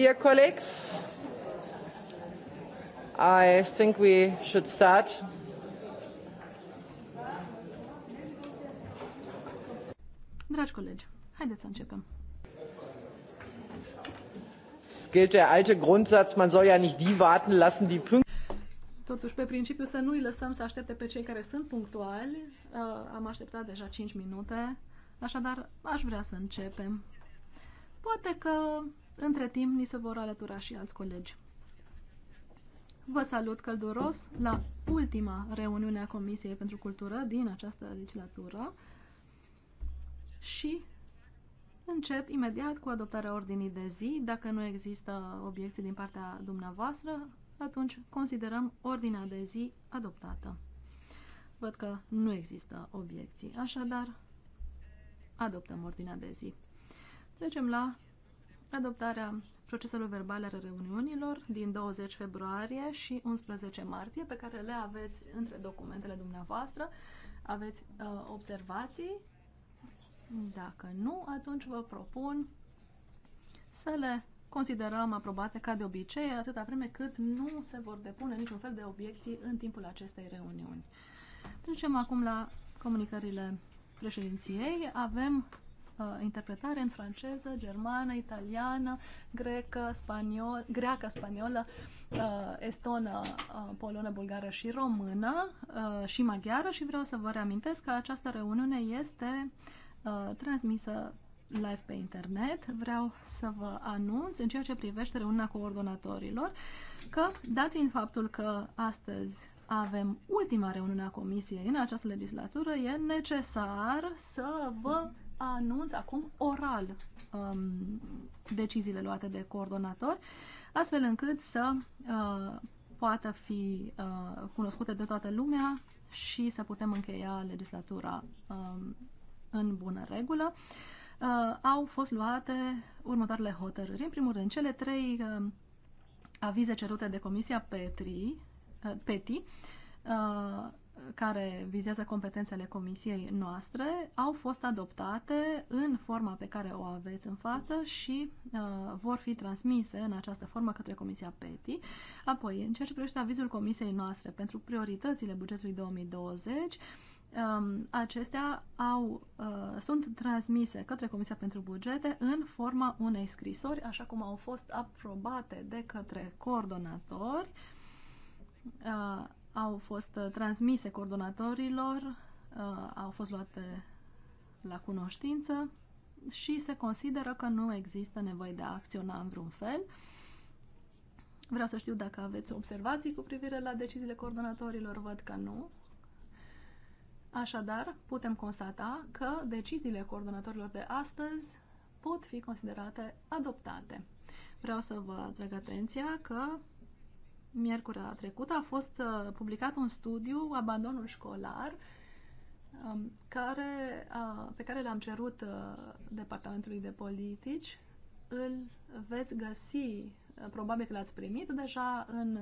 Dear colleagues, I think we should start. Dragi colegi, haideți să începem. Es gilt der alte Grundsatz, man soll ja nicht die warten lassen, die pünktlich Totuși, pe principiu, să nu-i lăsăm să aștepte pe cei care sunt punctuali. Uh, am așteptat deja 5 minute, așadar aș vrea să începem. Poate că între timp, ni se vor alătura și alți colegi. Vă salut călduros la ultima reuniune a Comisiei pentru Cultură din această legislatură și încep imediat cu adoptarea ordinii de zi. Dacă nu există obiecții din partea dumneavoastră, atunci considerăm ordinea de zi adoptată. Văd că nu există obiecții, așadar adoptăm ordinea de zi. Trecem la adoptarea proceselor verbale ale reuniunilor din 20 februarie și 11 martie, pe care le aveți între documentele dumneavoastră. Aveți uh, observații? Dacă nu, atunci vă propun să le considerăm aprobate ca de obicei, atâta vreme cât nu se vor depune niciun fel de obiecții în timpul acestei reuniuni. Trecem acum la comunicările președinției. Avem uh, interpretare în franceză, germană, italiană, grecă, spaniol, greacă, spaniolă, uh, estonă, uh, polonă, bulgară și română uh, și maghiară și vreau să vă reamintesc că această reuniune este uh, transmisă live pe internet. Vreau să vă anunț în ceea ce privește reuniunea coordonatorilor că, dat fiind faptul că astăzi avem ultima reuniune a Comisiei în această legislatură, e necesar să vă anunț acum oral um, deciziile luate de coordonator, astfel încât să uh, poată fi uh, cunoscute de toată lumea și să putem încheia legislatura um, în bună regulă. Uh, au fost luate următoarele hotărâri. În primul rând, cele trei uh, avize cerute de Comisia Petri, uh, PETI uh, care vizează competențele comisiei noastre au fost adoptate în forma pe care o aveți în față și uh, vor fi transmise în această formă către Comisia PETI. Apoi, în ceea ce privește avizul comisiei noastre pentru prioritățile bugetului 2020, um, acestea au, uh, sunt transmise către Comisia pentru Bugete în forma unei scrisori, așa cum au fost aprobate de către coordonatori uh, au fost uh, transmise coordonatorilor, uh, au fost luate la cunoștință și se consideră că nu există nevoie de a acționa în vreun fel. Vreau să știu dacă aveți observații cu privire la deciziile coordonatorilor, văd că nu. Așadar, putem constata că deciziile coordonatorilor de astăzi pot fi considerate adoptate. Vreau să vă atrag atenția că Miercuri a trecut, a fost uh, publicat un studiu, Abandonul școlar, um, care, pe care l-am cerut uh, Departamentului de Politici. Îl veți găsi, uh, probabil că l-ați primit deja în,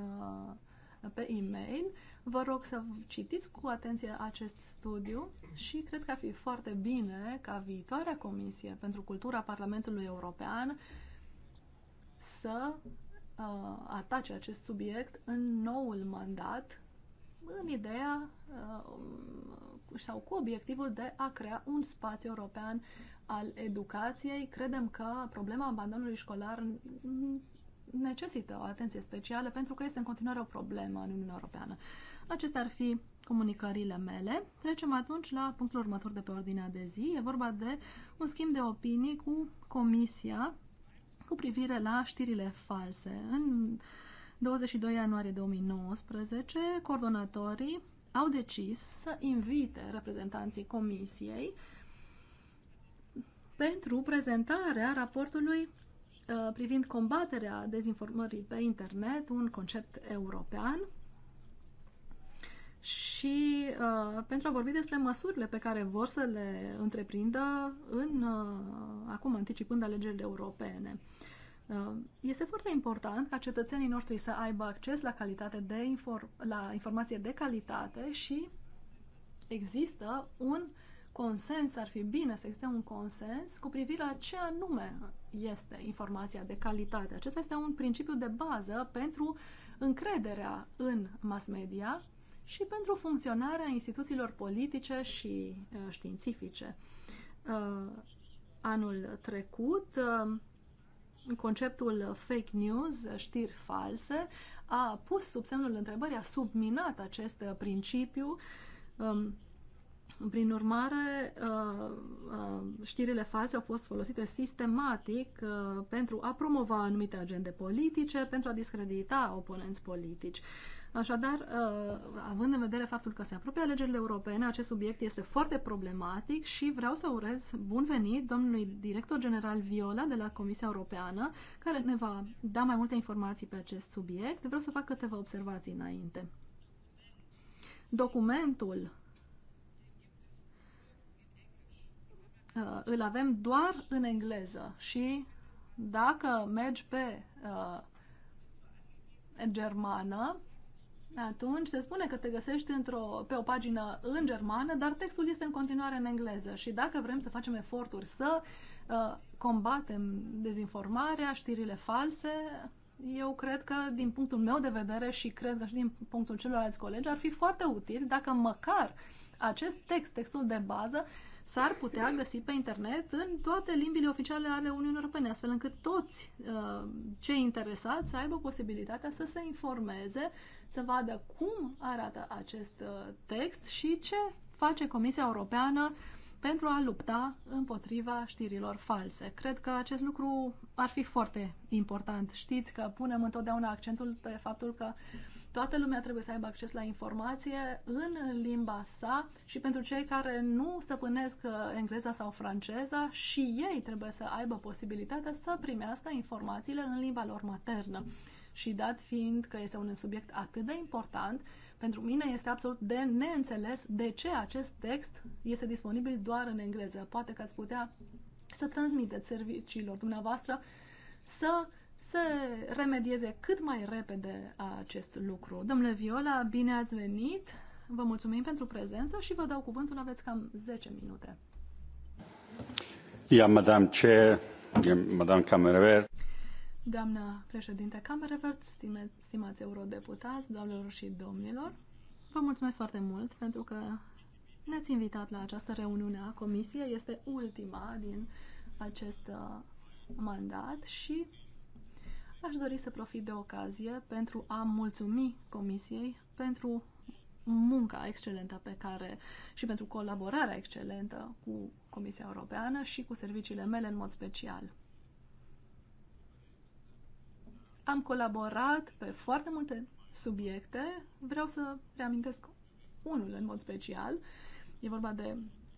pe e-mail. Vă rog să citiți cu atenție acest studiu și cred că ar fi foarte bine ca viitoarea Comisie pentru Cultura Parlamentului European să uh, atace acest subiect în noul mandat, în ideea uh, sau cu obiectivul de a crea un spațiu european al educației. Credem că problema abandonului școlar necesită o atenție specială pentru că este în continuare o problemă în Uniunea Europeană. Acestea ar fi comunicările mele. Trecem atunci la punctul următor de pe ordinea de zi. E vorba de un schimb de opinii cu Comisia cu privire la știrile false. În 22 ianuarie 2019, coordonatorii au decis să invite reprezentanții comisiei pentru prezentarea raportului uh, privind combaterea dezinformării pe internet, un concept european și uh, pentru a vorbi despre măsurile pe care vor să le întreprindă în, uh, acum anticipând alegerile europene. Uh, este foarte important ca cetățenii noștri să aibă acces la, calitate de inform- la informație de calitate și există un consens, ar fi bine să existe un consens cu privire la ce anume este informația de calitate. Acesta este un principiu de bază pentru încrederea în mass media și pentru funcționarea instituțiilor politice și uh, științifice. Uh, anul trecut, uh, conceptul fake news, știri false, a pus sub semnul întrebării, a subminat acest principiu. Um, prin urmare, știrile false au fost folosite sistematic pentru a promova anumite agende politice, pentru a discredita oponenți politici. Așadar, uh, având în vedere faptul că se apropie alegerile europene, acest subiect este foarte problematic și vreau să urez bun venit domnului director general Viola de la Comisia Europeană, care ne va da mai multe informații pe acest subiect. Vreau să fac câteva observații înainte. Documentul uh, îl avem doar în engleză și dacă mergi pe uh, germană, atunci se spune că te găsești într-o, pe o pagină în germană, dar textul este în continuare în engleză. Și dacă vrem să facem eforturi să uh, combatem dezinformarea, știrile false, eu cred că, din punctul meu de vedere și cred că și din punctul celorlalți colegi, ar fi foarte util dacă măcar acest text, textul de bază, s-ar putea găsi pe internet în toate limbile oficiale ale Uniunii Europene, astfel încât toți uh, cei interesați să aibă posibilitatea să se informeze să vadă cum arată acest uh, text și ce face Comisia Europeană pentru a lupta împotriva știrilor false. Cred că acest lucru ar fi foarte important. Știți că punem întotdeauna accentul pe faptul că toată lumea trebuie să aibă acces la informație în limba sa și pentru cei care nu stăpânesc uh, engleza sau franceza și ei trebuie să aibă posibilitatea să primească informațiile în limba lor maternă. Mm. Și dat fiind că este un subiect atât de important, pentru mine este absolut de neînțeles de ce acest text este disponibil doar în engleză. Poate că ați putea să transmiteți serviciilor dumneavoastră să se remedieze cât mai repede acest lucru. Domnule Viola, bine ați venit! Vă mulțumim pentru prezență și vă dau cuvântul, aveți cam 10 minute. Ia, Madame Chair, Madame Camerver. Doamna președinte Camerevert, stime, stimați eurodeputați, doamnelor și domnilor, vă mulțumesc foarte mult pentru că ne-ați invitat la această reuniune a Comisiei. Este ultima din acest uh, mandat și aș dori să profit de ocazie pentru a mulțumi Comisiei pentru munca excelentă pe care și pentru colaborarea excelentă cu Comisia Europeană și cu serviciile mele în mod special. Am colaborat pe foarte multe subiecte. Vreau să reamintesc unul în mod special. E vorba de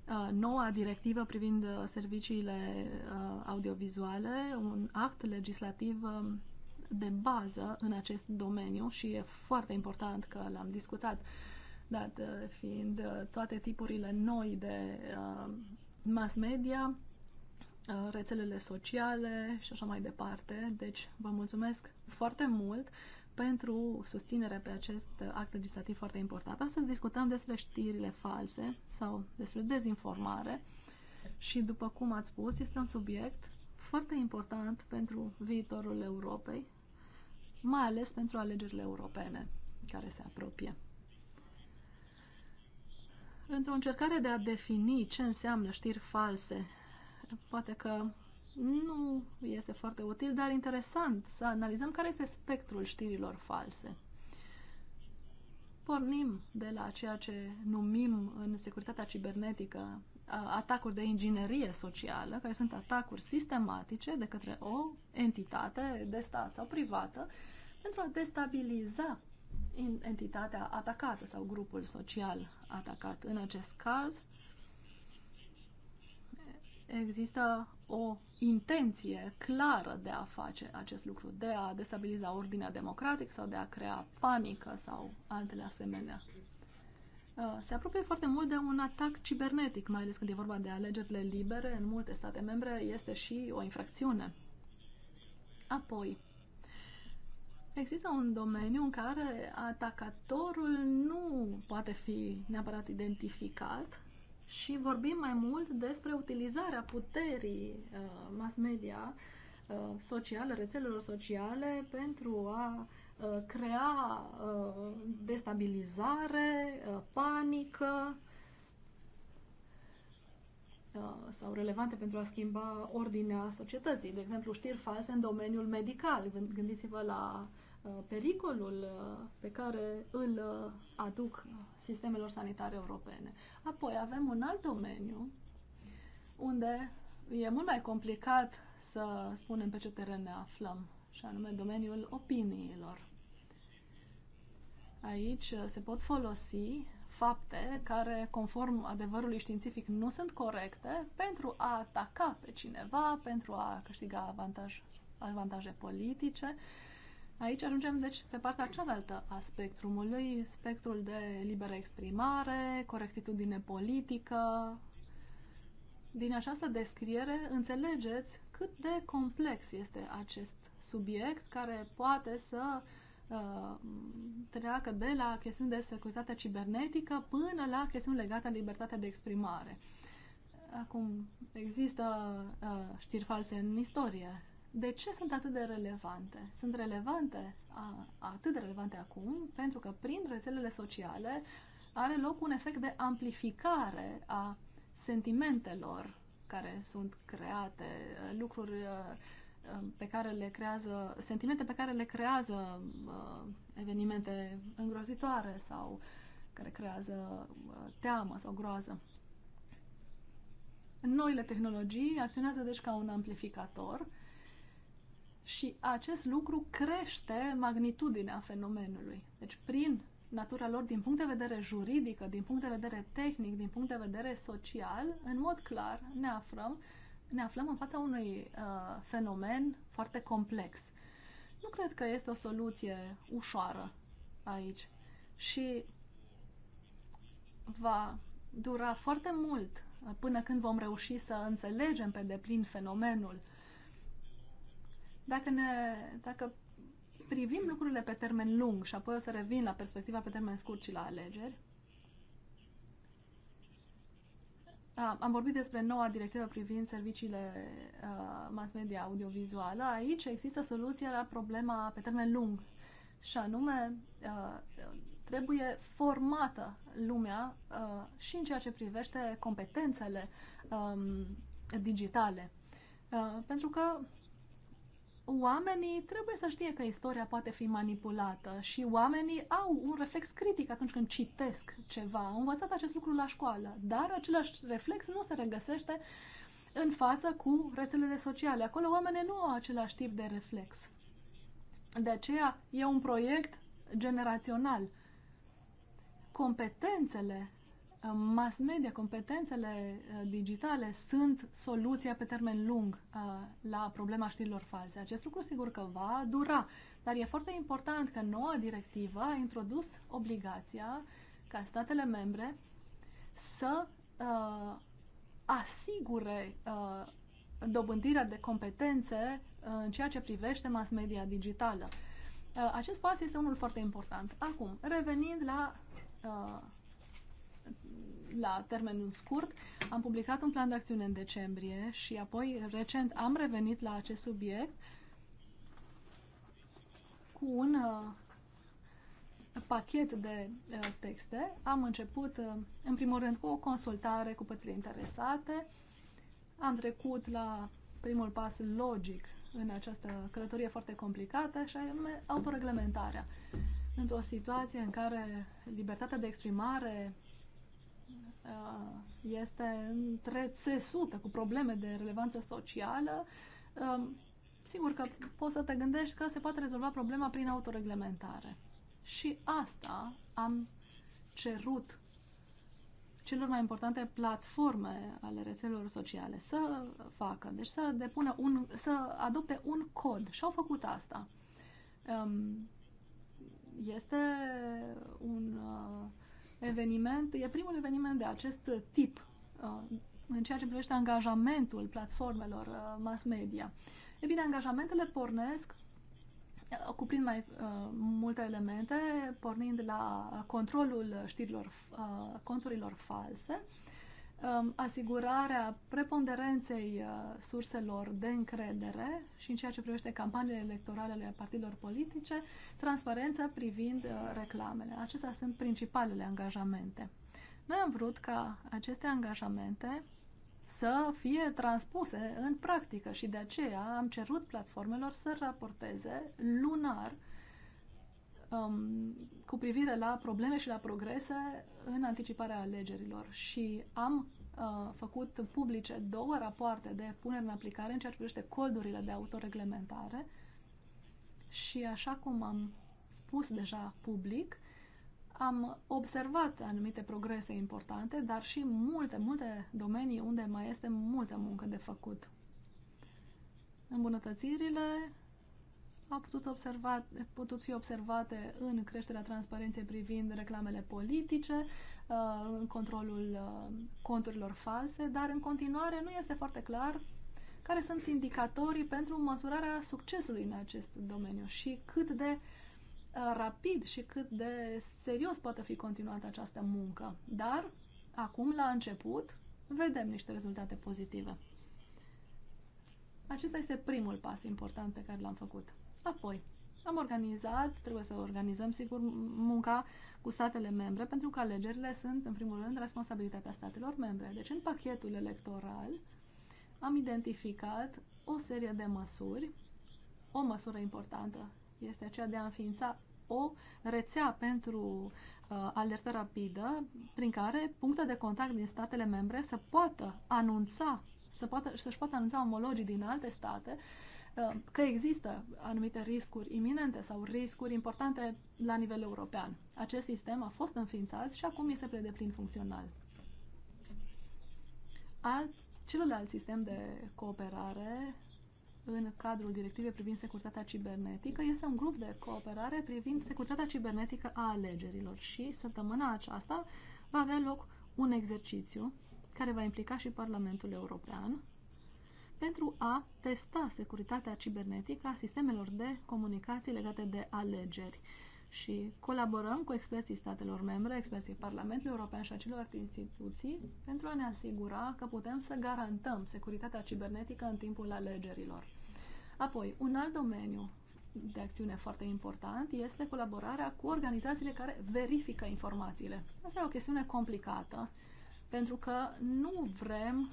uh, noua directivă privind uh, serviciile uh, audiovizuale, un act legislativ uh, de bază în acest domeniu și e foarte important că l-am discutat, dat uh, fiind uh, toate tipurile noi de mass media, Uh, rețelele sociale și așa mai departe. Deci vă mulțumesc foarte mult pentru susținere pe acest act legislativ foarte important. Astăzi discutăm despre știrile false sau despre dezinformare și, după cum ați spus, este un subiect foarte important pentru viitorul Europei, mai ales pentru alegerile europene care se apropie. Într-o încercare de a defini ce înseamnă știri false poate că nu este foarte util, dar interesant să analizăm care este spectrul știrilor false. Pornim de la ceea ce numim în securitatea cibernetică atacuri de inginerie socială, care sunt atacuri sistematice de către o entitate de stat sau privată pentru a destabiliza entitatea atacată sau grupul social atacat. În acest caz, există o intenție clară de a face acest lucru, de a destabiliza ordinea democratică sau de a crea panică sau altele asemenea. Uh, se apropie foarte mult de un atac cibernetic, mai ales când e vorba de alegerile libere în multe state membre, este și o infracțiune. Apoi, există un domeniu în care atacatorul nu poate fi neapărat identificat, și vorbim mai mult despre utilizarea puterii uh, mass media uh, sociale, rețelelor sociale pentru a uh, crea destabilizare, panică sau relevante pentru a schimba ordinea societății. De exemplu, știri false în domeniul medical. Gândiți-vă la uh, Uh, pericolul uh, pe care îl uh, aduc sistemelor sanitare europene. Apoi avem un alt domeniu unde e mult mai complicat să spunem pe ce teren ne aflăm, și anume domeniul opiniilor. Aici se pot folosi fapte care, conform adevărului științific, nu sunt corecte pentru a ataca pe cineva, pentru a câștiga avantaj, avantaje politice. Uh, Aici ajungem, deci, pe partea cealaltă a spectrumului, spectrul de liberă exprimare, corectitudine politică. Din această descriere înțelegeți cât de complex este acest subiect care poate să uh, treacă de la chestiuni de securitate cibernetică până la chestiuni legate de libertatea de exprimare. Acum, există uh, știri false în istorie, de ce sunt atât de relevante? Sunt relevante, a, atât de relevante acum, pentru că prin rețelele sociale are loc un efect de amplificare a sentimentelor care sunt create, lucruri uh, uh, pe care le creează, sentimente pe care le creează uh, evenimente îngrozitoare sau care creează teamă sau groază. Noile tehnologii acționează deci ca un amplificator uh, și acest lucru crește magnitudinea fenomenului. Deci, prin natura lor, din punct de vedere juridică, din punct de vedere tehnic, din punct de vedere social, în mod clar ne aflăm, ne aflăm în fața unui uh, fenomen foarte complex. Nu cred că este o soluție ușoară aici. Și va dura foarte mult uh, până când vom reuși să înțelegem pe deplin fenomenul dacă, ne, dacă privim lucrurile pe termen lung și apoi o să revin la perspectiva pe termen scurt și la alegeri, am vorbit despre noua directivă privind serviciile mass media audiovizuală. Aici există soluția la problema pe termen lung și anume trebuie formată lumea și în ceea ce privește competențele digitale. Pentru că oamenii trebuie să știe că istoria poate fi manipulată și oamenii au un reflex critic atunci când citesc ceva. Au învățat acest lucru la școală, dar același reflex nu se regăsește în față cu rețelele sociale. Acolo oamenii nu au același tip de reflex. De aceea e un proiect generațional. Competențele mass media, competențele uh, digitale sunt soluția pe termen lung uh, la problema știrilor false. Acest lucru sigur că va dura, dar e foarte important că noua directivă a introdus obligația ca statele membre să uh, asigure uh, dobândirea de competențe uh, în ceea ce privește mass media digitală. Uh, acest pas este unul foarte important. Acum, revenind la uh, la termenul scurt. Am publicat un plan de acțiune în decembrie și apoi recent am revenit la acest subiect cu un uh, pachet de uh, texte. Am început, uh, în primul rând, cu o consultare cu părțile interesate. Am trecut la primul pas logic în această călătorie foarte complicată, și anume autoreglementarea. Într-o situație în care libertatea de exprimare Ah, este întrețesută cu probleme de relevanță socială, ah, sigur că poți să te gândești că se poate rezolva problema prin autoreglementare. Și asta am cerut celor mai importante platforme ale rețelelor sociale să facă, deci să depună un, să adopte un cod și au făcut asta. Ah, este un eveniment. E primul eveniment de acest tip uh, în ceea ce privește angajamentul platformelor uh, mass media. E bine, angajamentele pornesc uh, cuprind mai uh, multe elemente, pornind la controlul știrilor, uh, conturilor false, Um, asigurarea preponderenței uh, surselor de încredere și în ceea ce privește campaniile electorale ale partidelor politice, transparența privind uh, reclamele. Acestea sunt principalele angajamente. Noi am vrut ca aceste angajamente să fie transpuse în practică și de aceea am cerut platformelor să raporteze lunar um, cu privire la probleme și la progrese în anticiparea alegerilor și am făcut publice două rapoarte de punere în aplicare în ceea ce privește codurile de autoreglementare și așa cum am spus deja public, am observat anumite progrese importante, dar și multe, multe domenii unde mai este multă muncă de făcut. Îmbunătățirile au putut, observa, putut fi observate în creșterea transparenței privind reclamele politice, uh, în controlul uh, conturilor false, dar în continuare nu este foarte clar care sunt indicatorii pentru măsurarea succesului în acest domeniu și cât de uh, rapid și cât de serios poate fi continuată această muncă. Dar, acum, la început, vedem niște rezultate pozitive. Acesta este primul pas important pe care l-am făcut. Apoi, am organizat, trebuie să organizăm, sigur, munca cu statele membre, pentru că alegerile sunt, în primul rând, responsabilitatea statelor membre. Deci, în pachetul electoral, am identificat o serie de măsuri. O măsură importantă este aceea de a înființa o rețea pentru uh, alertă rapidă, prin care puncte de contact din statele membre să poată anunța, să poată, să-și poată anunța omologii din alte state uh, Ehm, că există anumite riscuri iminente sau riscuri importante la nivel european. Acest sistem a fost înființat și acum este pe deplin funcțional. Al, celălalt sistem de cooperare în cadrul directivei privind securitatea cibernetică este un grup de cooperare privind securitatea cibernetică a alegerilor și săptămâna aceasta va avea loc un exercițiu care va implica și Parlamentul European pentru a testa securitatea cibernetică a sistemelor de comunicații legate de alegeri. Și colaborăm cu experții statelor membre, experții Parlamentului European și a celorlalte instituții pentru a ne asigura că putem să garantăm securitatea cibernetică în timpul alegerilor. Apoi, un alt domeniu de acțiune foarte important este colaborarea cu organizațiile care verifică informațiile. Asta e o chestiune complicată, pentru că nu vrem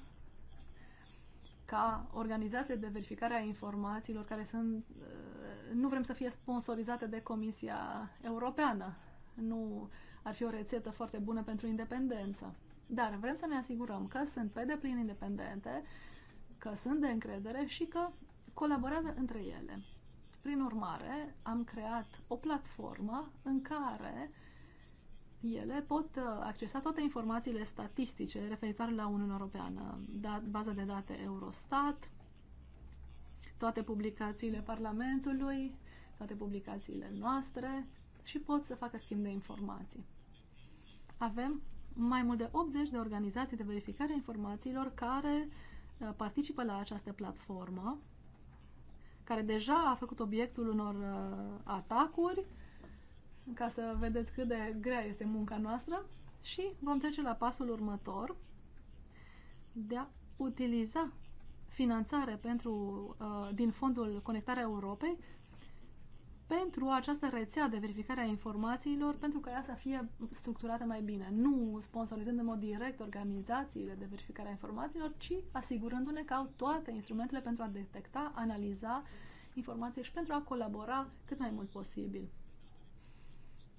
ca organizațiile de verificare a informațiilor care sunt, uh, nu vrem să fie sponsorizate de Comisia Europeană. Nu ar fi o rețetă foarte bună pentru independență. Dar vrem să ne asigurăm că sunt pe deplin independente, că sunt de încredere și că colaborează între ele. Prin urmare, am creat o platformă în care ele pot uh, accesa toate informațiile statistice referitoare la Uniunea Europeană, dat, baza de date Eurostat, toate publicațiile Parlamentului, toate publicațiile noastre și pot să facă schimb de informații. Avem mai mult de 80 de organizații de verificare a informațiilor care uh, participă la această platformă, care deja a făcut obiectul unor uh, atacuri ca să vedeți cât de grea este munca noastră și vom trece la pasul următor de a utiliza finanțare pentru, uh, din fondul Conectarea Europei pentru această rețea de verificare a informațiilor, pentru ca ea să fie structurată mai bine. Nu sponsorizând în mod direct organizațiile de verificare a informațiilor, ci asigurându-ne că au toate instrumentele pentru a detecta, analiza informații și pentru a colabora cât mai mult posibil.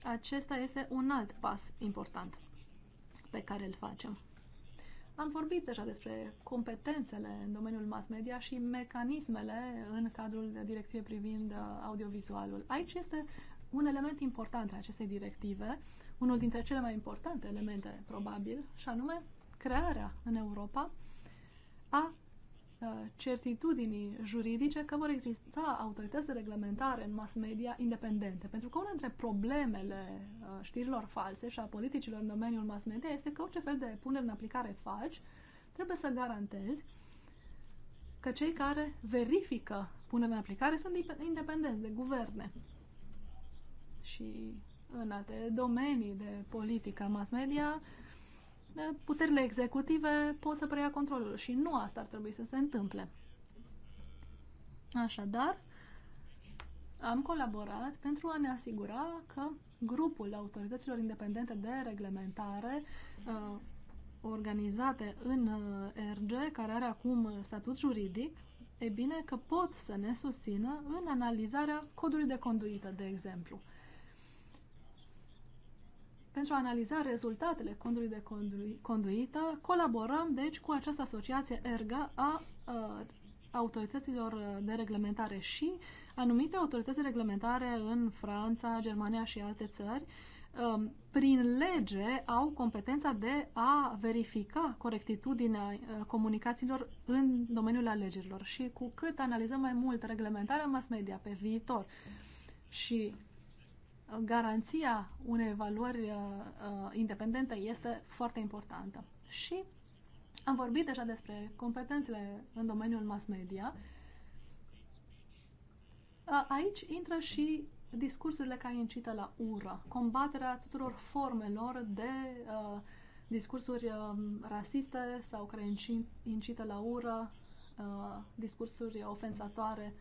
Acesta este un alt pas important pe care îl facem. Am vorbit deja despre competențele în domeniul mass media și mecanismele în cadrul directivei privind uh, audiovizualul. Aici este un element important al acestei directive, unul dintre cele mai importante elemente, probabil, și anume crearea în Europa a Uh, certitudinii juridice că vor exista autorități de reglementare în mass media independente. Pentru că una dintre problemele uh, știrilor false și a politicilor în domeniul mass media este că orice fel de punere în aplicare faci, trebuie să garantezi că cei care verifică punerea în aplicare sunt independenți de guverne. Și în alte domenii de politică mass media, puterile executive pot să preia controlul și nu asta ar trebui să se întâmple. Așadar, am colaborat pentru a ne asigura că grupul autorităților independente de reglementare uh, organizate în uh, RG, care are acum statut juridic, e bine că pot să ne susțină în analizarea codului de conduită, de exemplu pentru a analiza rezultatele contului de conduită, colaborăm, deci, cu această asociație ERGA a, a autorităților de reglementare și anumite autorități de reglementare în Franța, Germania și alte țări, um, prin lege au competența de a verifica corectitudinea uh, comunicațiilor în domeniul alegerilor și cu cât analizăm mai mult reglementarea mass media pe viitor și garanția unei evaluări uh, uh, independente este foarte importantă. Și am vorbit deja despre competențele în domeniul mass media. Aici intră și discursurile care incită la ură, combaterea tuturor formelor de uh, discursuri uh, rasiste sau care incită la ură, uh, discursuri ofensatoare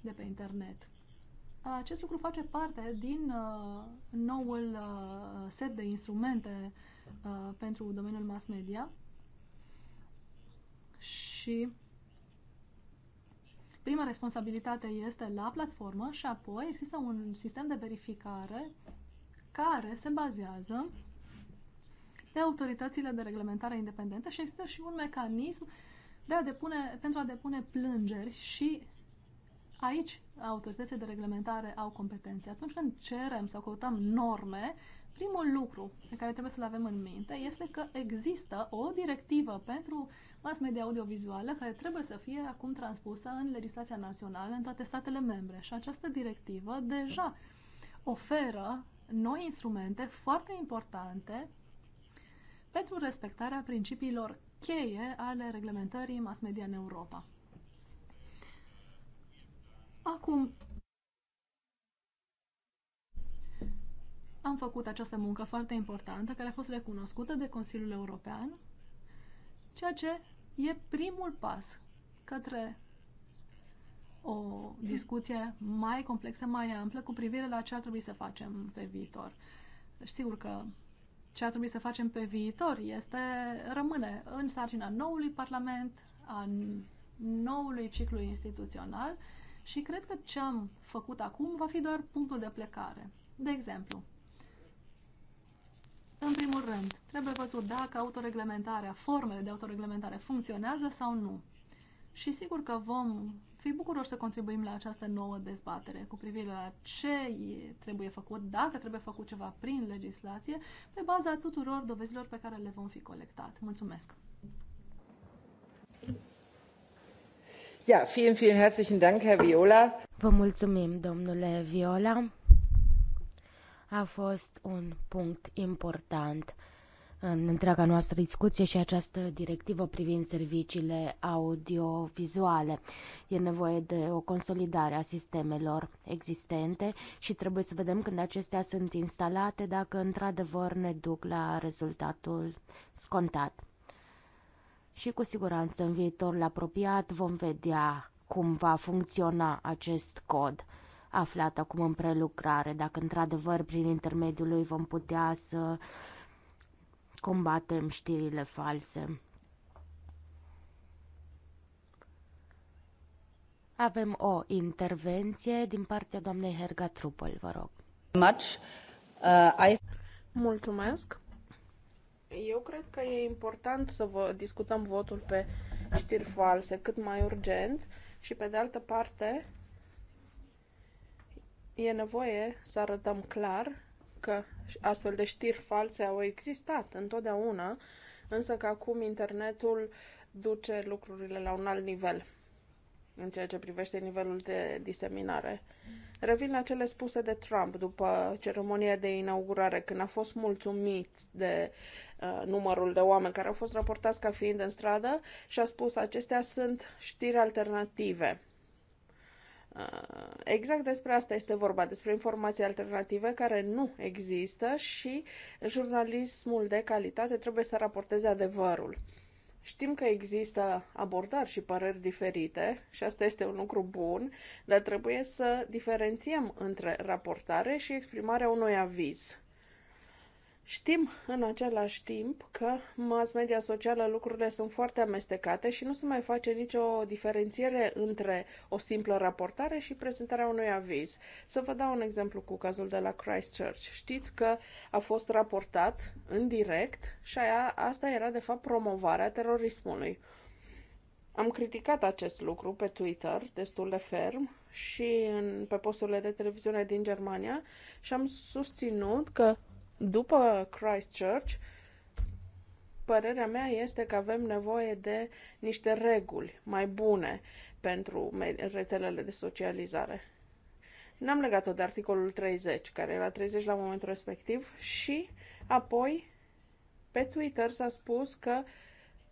de pe internet. Acest lucru face parte din uh, noul uh, set de instrumente uh, pentru domeniul mass media și prima responsabilitate este la platformă și apoi există un sistem de verificare care se bazează pe autoritățile de reglementare independente și există și un mecanism de a depune, pentru a depune plângeri și Aici autoritățile de reglementare au competențe. Atunci când cerem sau căutăm norme, primul lucru pe care trebuie să-l avem în minte este că există o directivă pentru mass media audiovizuală care trebuie să fie acum transpusă în legislația națională în toate statele membre. Și această directivă deja oferă noi instrumente foarte importante pentru respectarea principiilor cheie ale reglementării mass media în Europa. Acum am făcut această muncă foarte importantă, care a fost recunoscută de Consiliul European, ceea ce e primul pas către o discuție mai complexă, mai amplă cu privire la ce ar trebui să facem pe viitor. Deci, sigur că ce ar trebui să facem pe viitor este rămâne în sarcina noului Parlament, a noului ciclu instituțional și cred că ce am făcut acum va fi doar punctul de plecare. De exemplu, în primul rând, trebuie văzut dacă autoreglementarea, formele de autoreglementare funcționează sau nu. Și sigur că vom fi bucuroși să contribuim la această nouă dezbatere cu privire la ce trebuie făcut, dacă trebuie făcut ceva prin legislație, pe baza tuturor dovezilor pe care le vom fi colectat. Mulțumesc! Ja, vielen, vielen herzlichen Dank, Herr Viola. Vă mulțumim, domnule Viola. A fost un punct important în întreaga noastră discuție și această directivă privind serviciile audiovizuale. E nevoie de o consolidare a sistemelor existente și trebuie să vedem când acestea sunt instalate dacă într-adevăr ne duc la rezultatul scontat și cu siguranță în viitorul apropiat vom vedea cum va funcționa acest cod aflat acum în prelucrare, dacă într-adevăr prin intermediul lui vom putea să combatem știrile false. Avem o intervenție din partea doamnei Herga Trupel, vă rog. Much. Uh, I... Mulțumesc. Eu cred că e important să vă discutăm votul pe știri false cât mai urgent și pe de altă parte e nevoie să arătăm clar că astfel de știri false au existat întotdeauna, însă că acum internetul duce lucrurile la un alt nivel în ceea ce privește nivelul de diseminare. Revin la cele spuse de Trump după ceremonia de inaugurare, când a fost mulțumit de uh, numărul de oameni care au fost raportați ca fiind în stradă și a spus acestea sunt știri alternative. Uh, exact despre asta este vorba, despre informații alternative care nu există și jurnalismul de calitate trebuie să raporteze adevărul. Știm că există abordări și păreri diferite și asta este un lucru bun, dar trebuie să diferențiem între raportare și exprimarea unui aviz. Știm în același timp că mass media socială lucrurile sunt foarte amestecate și nu se mai face nicio diferențiere între o simplă raportare și prezentarea unui aviz. Să vă dau un exemplu cu cazul de la Christchurch. Știți că a fost raportat în direct și aia, asta era de fapt promovarea terorismului. Am criticat acest lucru pe Twitter destul de ferm și în, pe posturile de televiziune din Germania și am susținut că după Christchurch, părerea mea este că avem nevoie de niște reguli mai bune pentru rețelele de socializare. N-am legat-o de articolul 30, care era 30 la momentul respectiv, și apoi pe Twitter s-a spus că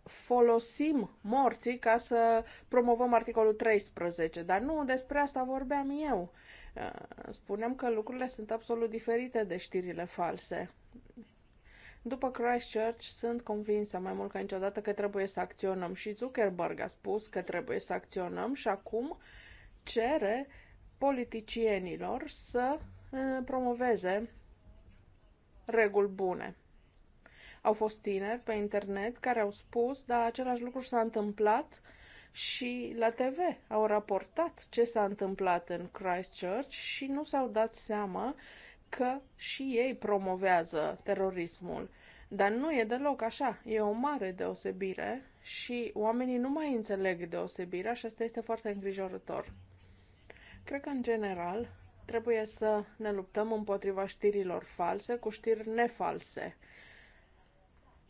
folosim morții ca să promovăm articolul 13, dar nu despre asta vorbeam eu. Eh, Spuneam că lucrurile sunt absolut diferite de știrile false. După Christchurch, sunt convinsă mai mult ca niciodată că trebuie să acționăm și Zuckerberg a spus că trebuie să acționăm și acum cere politicienilor să eh, promoveze reguli bune. Au fost tineri pe internet care au spus, dar același lucru s-a întâmplat uh, și la TV au raportat ce s-a întâmplat în Christchurch și nu s-au dat seama că și ei promovează terorismul. Dar nu e deloc așa. E o mare deosebire și oamenii nu mai înțeleg deosebirea și asta este foarte îngrijorător. Cred că, în general, trebuie să ne luptăm împotriva știrilor false cu știri nefalse.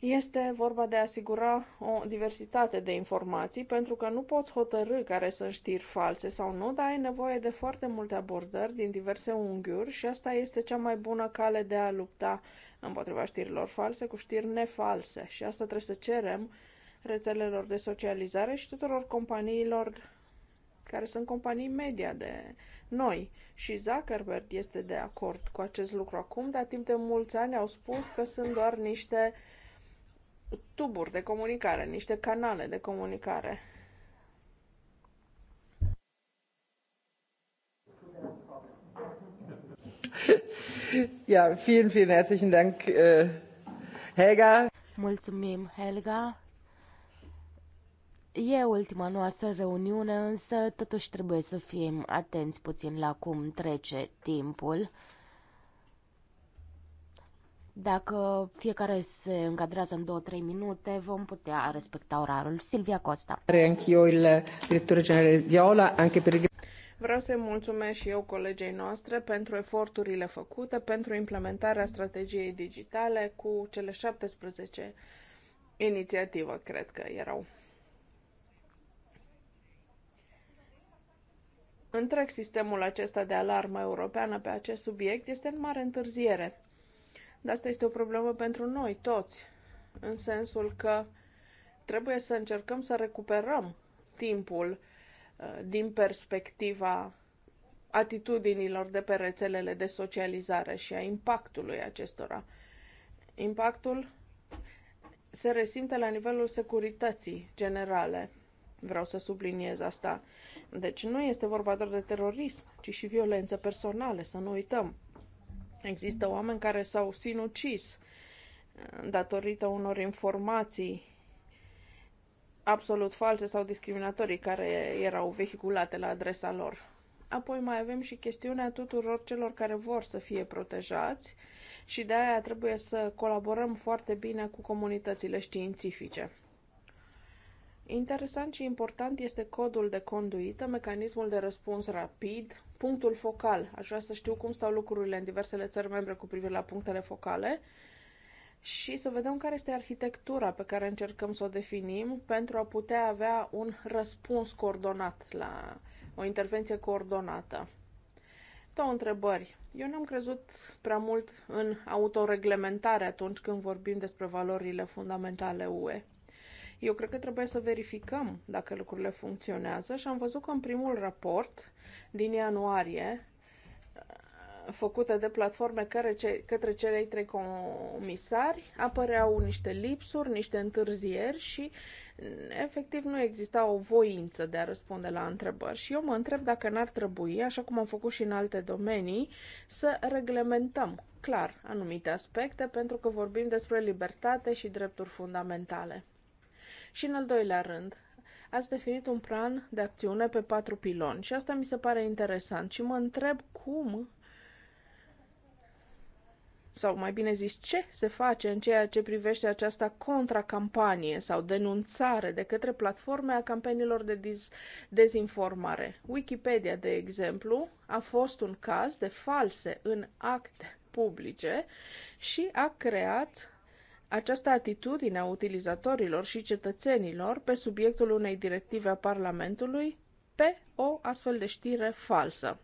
Este vorba de a asigura o diversitate de informații, pentru că nu poți hotărâ care sunt știri false sau nu, dar ai nevoie de foarte multe abordări din diverse unghiuri și asta este cea mai bună cale de a lupta împotriva știrilor false cu știri nefalse. Și asta trebuie să cerem rețelelor de socializare și tuturor companiilor care sunt companii media de noi. Și Zuckerberg este de acord cu acest lucru acum, dar timp de mulți ani au spus că sunt doar niște tuburi de comunicare, niște canale de comunicare. Ja, vielen, vielen herzlichen Dank, äh, Helga. Mulțumim, Helga. E ultima noastră reuniune, însă totuși trebuie să fim atenți puțin la cum trece timpul. Dacă fiecare se încadrează în 2-3 minute, vom putea respecta orarul. Silvia Costa. Viola, Vreau să-i mulțumesc și eu colegei noastre pentru eforturile făcute pentru implementarea strategiei digitale cu cele 17 inițiativă, cred că erau. Întreg sistemul acesta de alarmă europeană pe acest subiect este în mare întârziere dar asta este o problemă pentru noi toți, în sensul că trebuie să încercăm să recuperăm timpul uh, din perspectiva atitudinilor de pe rețelele de socializare și a impactului acestora. Impactul se resimte la nivelul securității generale. Vreau să subliniez asta. Deci nu este vorba doar de terorism, ci și violență personală, să nu uităm. Există oameni care s-au sinucis uh, datorită unor informații absolut false sau discriminatorii care erau vehiculate la adresa lor. Apoi mai avem și chestiunea tuturor celor care vor să fie protejați și de aia trebuie să colaborăm foarte bine cu comunitățile științifice. Interesant și important este codul de conduită, mecanismul de răspuns rapid, punctul focal. Aș vrea să știu cum stau lucrurile în diversele țări membre cu privire la punctele focale și să vedem care este arhitectura pe care încercăm să o definim pentru a putea avea un răspuns coordonat la o intervenție coordonată. Două întrebări. Eu n-am crezut prea mult în autoreglementare atunci când vorbim despre valorile fundamentale UE. Eu cred că trebuie să verificăm dacă lucrurile funcționează și am văzut că în primul raport din ianuarie, uh, făcute de platforme care ce, către cei trei comisari, apăreau niște lipsuri, niște întârzieri și mm, efectiv nu exista o voință de a răspunde la întrebări. Și eu mă întreb dacă n-ar trebui, așa cum am făcut și în alte domenii, să reglementăm clar anumite aspecte, pentru că vorbim despre libertate și drepturi fundamentale. Și în al doilea rând, ați definit un plan de acțiune pe patru piloni și asta mi se pare interesant și mă întreb cum sau mai bine zis, ce se face în ceea ce privește această contracampanie sau denunțare de către platforme a campaniilor de diz- dezinformare. Wikipedia, de exemplu, a fost un caz de false în acte publice și a creat această atitudine a utilizatorilor și cetățenilor pe subiectul unei directive a Parlamentului pe o astfel de știre falsă.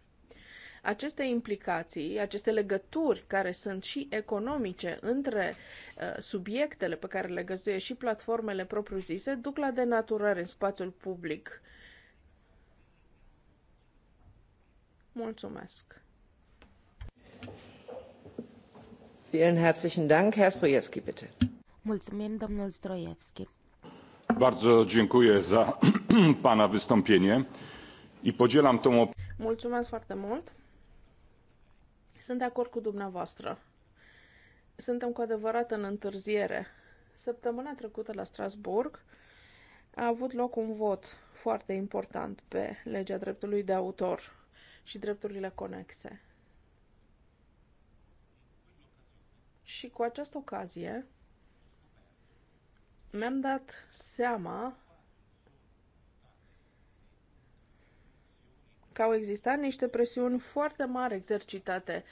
Aceste implicații, aceste legături care sunt și economice între uh, subiectele pe care le găzduie și platformele propriu-zise, duc la denaturare în spațiul public. Mulțumesc! Vielen herzlichen Dank. Herr Strojewski, bitte. Mulțumim, domnul Strojewski. Bardzo dziękuję za pana wystąpienie i podzielam tą Mulțumesc foarte mult. Sunt de acord cu dumneavoastră. Suntem cu adevărat în întârziere. Săptămâna trecută la Strasburg a avut loc un vot foarte important pe legea dreptului de autor și drepturile conexe. Și cu această ocazie mi-am dat seama că au existat niște presiuni foarte mari exercitate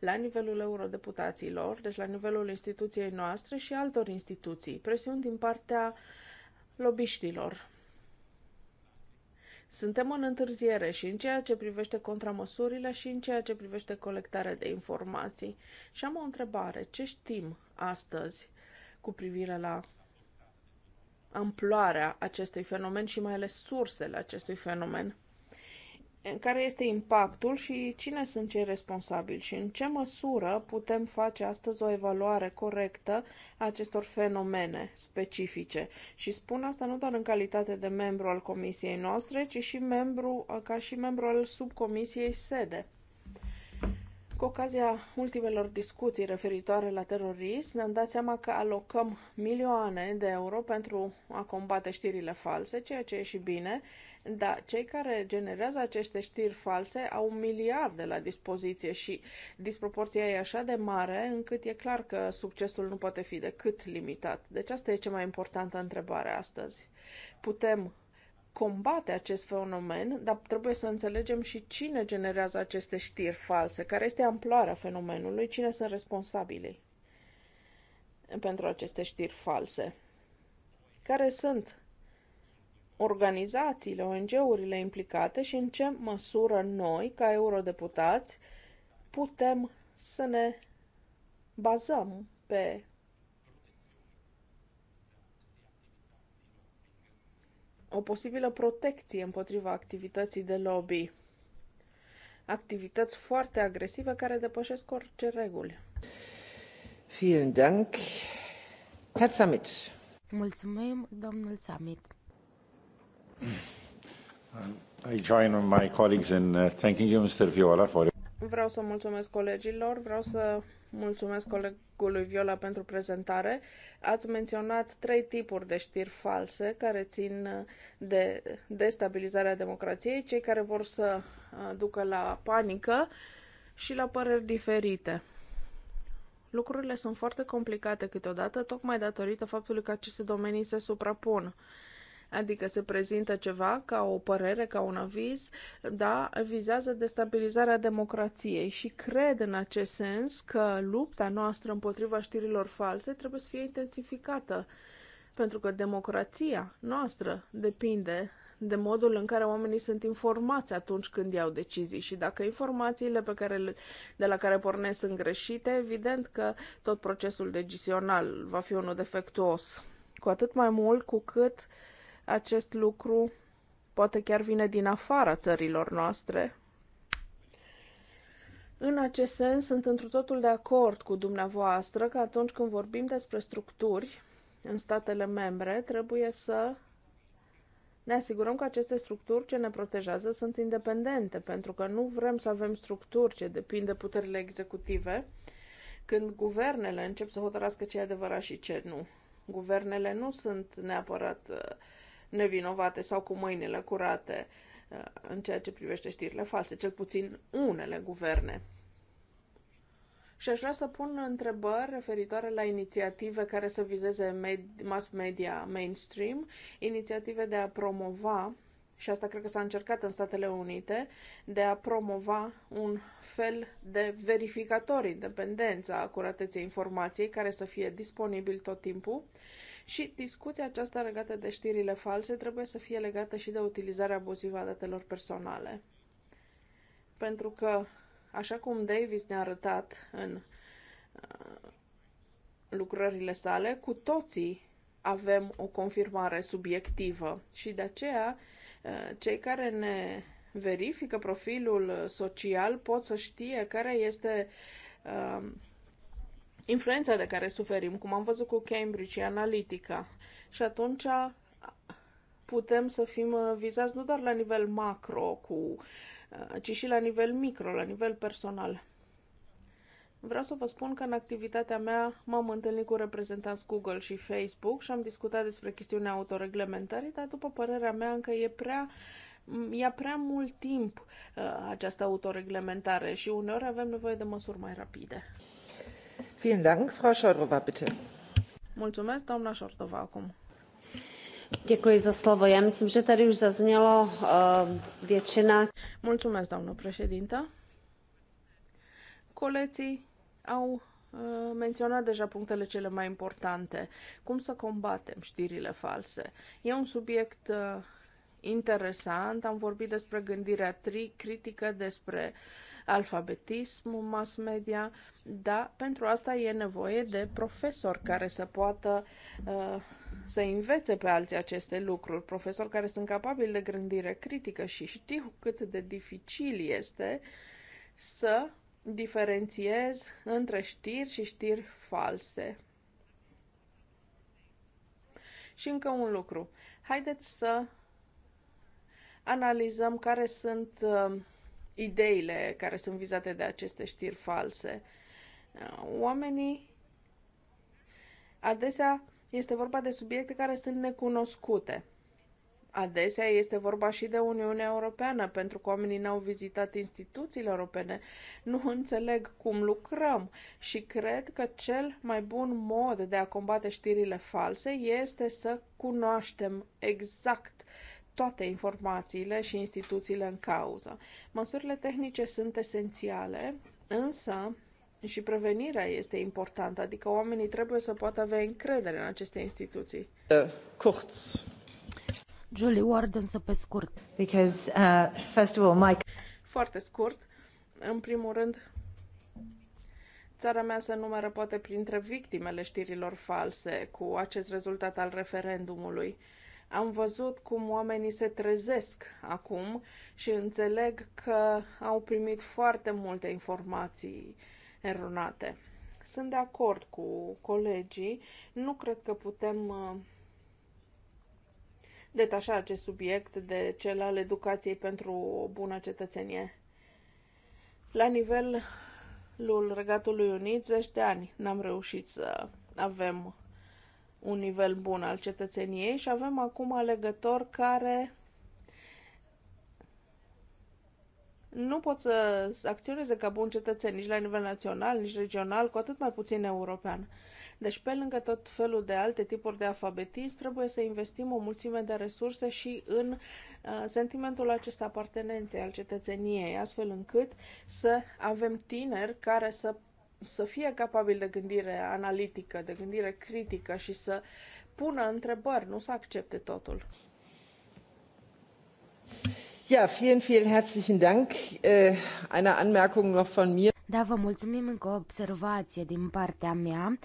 la nivelul eurodeputaților, deci la nivelul instituției noastre și altor instituții, presiuni din partea lobiștilor. Suntem în întârziere și în ceea ce privește contramăsurile și în ceea ce privește colectarea de informații. Și am o întrebare. Ce știm astăzi cu privire la amploarea acestui fenomen și mai ales sursele acestui fenomen? care este impactul și cine sunt cei responsabili și în ce măsură putem face astăzi o evaluare corectă a acestor fenomene specifice. Și spun asta nu doar în calitate de membru al comisiei noastre, ci și membru, ca și membru al subcomisiei sede. Cu ocazia ultimelor discuții referitoare la terorism, ne-am dat seama că alocăm milioane de euro pentru a combate știrile false, ceea ce e și bine, dar cei care generează aceste știri false au un miliard de la dispoziție și disproporția e așa de mare încât e clar că succesul nu poate fi decât limitat. Deci asta e cea mai importantă întrebare astăzi. Putem combate acest fenomen, dar trebuie să înțelegem și cine generează aceste știri false, care este amploarea fenomenului, cine sunt responsabili pentru aceste știri false. Care sunt organizațiile, ONG-urile implicate și în ce măsură noi, ca eurodeputați, putem să ne bazăm pe o posibilă protecție împotriva activității de lobby. Activități foarte agresive care depășesc orice reguli. Vielen Dank. Herr Samit. Mulțumim, domnul Samit. I join my colleagues in uh, thanking you, Mr. Viola, for Vreau să mulțumesc colegilor, vreau să Mulțumesc colegului Viola pentru prezentare. Ați menționat trei tipuri de știri false care țin uh, de destabilizarea democrației, cei care vor să uh, ducă la panică și la păreri diferite. Lucrurile sunt foarte complicate câteodată, tocmai datorită faptului că aceste domenii se suprapun adică se prezintă ceva ca o părere, ca un aviz, da, vizează destabilizarea democrației și cred în acest sens că lupta noastră împotriva știrilor false trebuie să fie intensificată, pentru că democrația noastră depinde de modul în care oamenii sunt informați atunci când iau decizii și dacă informațiile pe care, de la care pornesc sunt greșite, evident că tot procesul decizional va fi unul defectuos. Cu atât mai mult cu cât uh, acest lucru poate chiar vine din afara țărilor noastre. În acest sens, sunt într totul de acord cu dumneavoastră că atunci când vorbim despre structuri în statele membre, trebuie să ne asigurăm că aceste structuri ce ne protejează sunt independente, pentru că nu vrem să avem structuri ce depind de puterile executive, când guvernele încep să hotărască ce e adevărat și ce nu. Guvernele nu sunt neapărat uh, nevinovate sau cu mâinile curate uh, în ceea ce privește știrile false, cel puțin unele guverne. Și aș vrea să pun întrebări referitoare la inițiative care să vizeze med- mass media mainstream, inițiative de a promova, și asta cred că s-a încercat în Statele Unite, de a promova un fel de verificator independența a curateței informației care să fie disponibil tot timpul și discuția aceasta legată de știrile false trebuie să fie legată și de utilizarea abuzivă a datelor personale. Pentru că, așa cum Davis ne-a arătat în uh, lucrările sale, cu toții avem o confirmare subiectivă și de aceea uh, cei care ne verifică profilul social pot să știe care este uh, influența de care suferim, cum am văzut cu Cambridge e Analytica. Și atunci putem să fim uh, vizați nu doar la nivel macro, cu, uh, ci și la nivel micro, la nivel personal. Vreau să vă spun că în activitatea mea m-am întâlnit cu reprezentanți Google și Facebook și am discutat despre chestiunea autoreglementării, dar după părerea mea încă e prea ia prea mult timp uh, această autoreglementare și uneori avem nevoie de măsuri mai rapide. Mulțumesc, doamna Șortova, acum. Děkuji za slovo. Já myslím, že tady už zaznělo uh, většina. Mulțumesc, doamnă președintă. Colegii au eh, menționat deja punctele cele mai importante. Cum să combatem știrile false? E un subiect eh, interesant. Am vorbit despre gândirea tri critică, despre uh, alfabetismul mass media, dar pentru asta e nevoie de profesori care să poată uh, să învețe pe alții aceste lucruri, profesori care sunt capabili de gândire critică și știu cât de dificil este să diferențiez între știri și știri false. Și încă un lucru. Haideți să analizăm care sunt uh, ideile care sunt vizate de aceste știri false. Oamenii adesea este vorba de subiecte care sunt necunoscute. Adesea este vorba și de Uniunea Europeană, pentru că oamenii n-au vizitat instituțiile europene, nu înțeleg cum lucrăm și cred că cel mai bun mod de a combate știrile false este să cunoaștem exact uh, toate informațiile și instituțiile în cauză. Măsurile tehnice sunt esențiale, însă și prevenirea este importantă, adică oamenii trebuie să poată avea încredere în aceste instituții. Uh, Kurz. Julie Ward, însă pe scurt. Because, uh, first of all, Mike... Foarte scurt. În primul rând, țara mea se numără poate printre victimele știrilor false cu acest rezultat al referendumului. Uh, am văzut cum oamenii se trezesc acum și înțeleg că au primit foarte multe informații eronate. Sunt de acord cu colegii. Nu cred că putem uh, detașa acest subiect de cel al educației pentru o bună cetățenie. La nivelul Regatului Unit, zeci de ani n-am reușit să avem un nivel bun al cetățeniei și avem acum alegători care nu pot să acționeze ca bun cetățeni nici la nivel național, nici regional, cu atât mai puțin european. Deci, pe lângă tot felul de alte tipuri de alfabetism, trebuie să investim o mulțime de resurse și în uh, sentimentul acesta apartenenței al cetățeniei, astfel încât să avem tineri care să să fie capabil de gândire analitică, de gândire critică și să pună întrebări, nu să accepte totul. Ja, vielen, vielen herzlichen Dank. Äh, eine Anmerkung noch von mir. Da, vă mulțumim încă o observație din partea mea.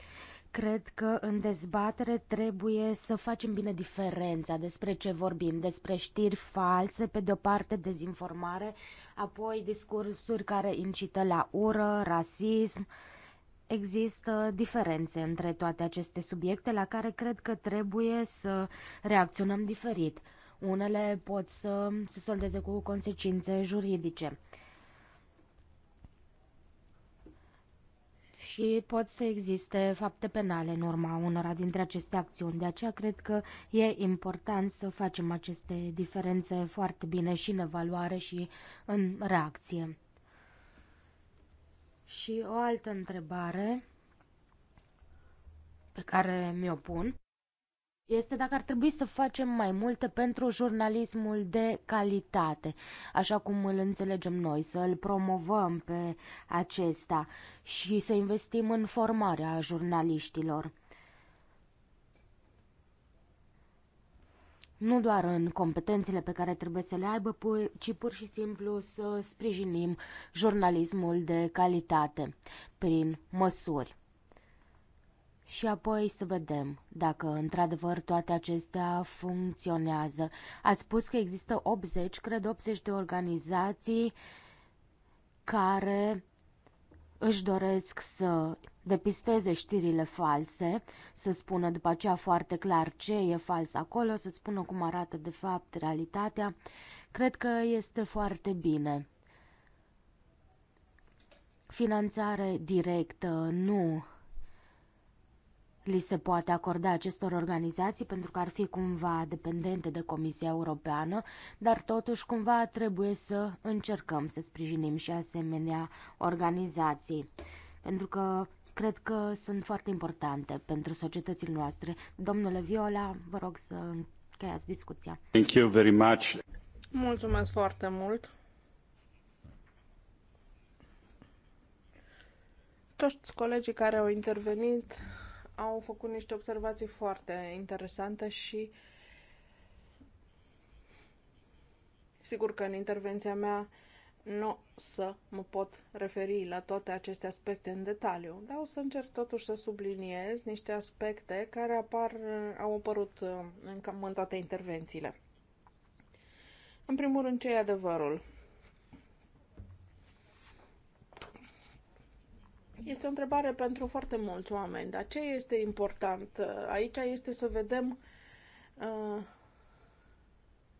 Cred că în dezbatere trebuie să facem bine diferența despre ce vorbim, despre știri false, pe de-o parte dezinformare, apoi discursuri care incită la ură, rasism. Există diferențe între toate aceste subiecte la care cred că trebuie să reacționăm diferit. Unele pot să se soldeze cu consecințe juridice. și pot să existe fapte penale în urma unora dintre aceste acțiuni. De aceea cred că e important să facem aceste diferențe foarte bine și în evaluare și în reacție. Și o altă întrebare pe care mi-o pun este dacă ar trebui să facem mai multe pentru jurnalismul de calitate, așa cum îl înțelegem noi, să îl promovăm pe acesta și să investim în formarea jurnaliștilor. nu doar în competențele pe care trebuie să le aibă, ci pur și simplu să sprijinim jurnalismul de calitate prin măsuri și apoi să vedem dacă într-adevăr toate acestea funcționează. Ați spus că există 80, cred 80 de organizații care își doresc să depisteze știrile false, să spună după aceea foarte clar ce e fals acolo, să spună cum arată de fapt realitatea. Cred că este foarte bine. Finanțare directă nu li se poate acorda acestor organizații pentru că ar fi cumva dependente de Comisia Europeană, dar totuși cumva trebuie să încercăm să sprijinim și asemenea organizații. Pentru că cred că sunt foarte importante pentru societățile noastre. Domnule Viola, vă rog să încheiați discuția. Thank you very much. Mulțumesc foarte mult. Toți colegii care au intervenit au făcut niște observații foarte interesante și sigur că în intervenția mea nu o să mă pot referi la toate aceste aspecte în detaliu, dar o să încerc totuși să subliniez niște aspecte care apar, au apărut uh, în cam în toate intervențiile. În primul rând, ce e adevărul? Este o întrebare pentru foarte mulți oameni, dar ce este important uh, aici este să vedem uh,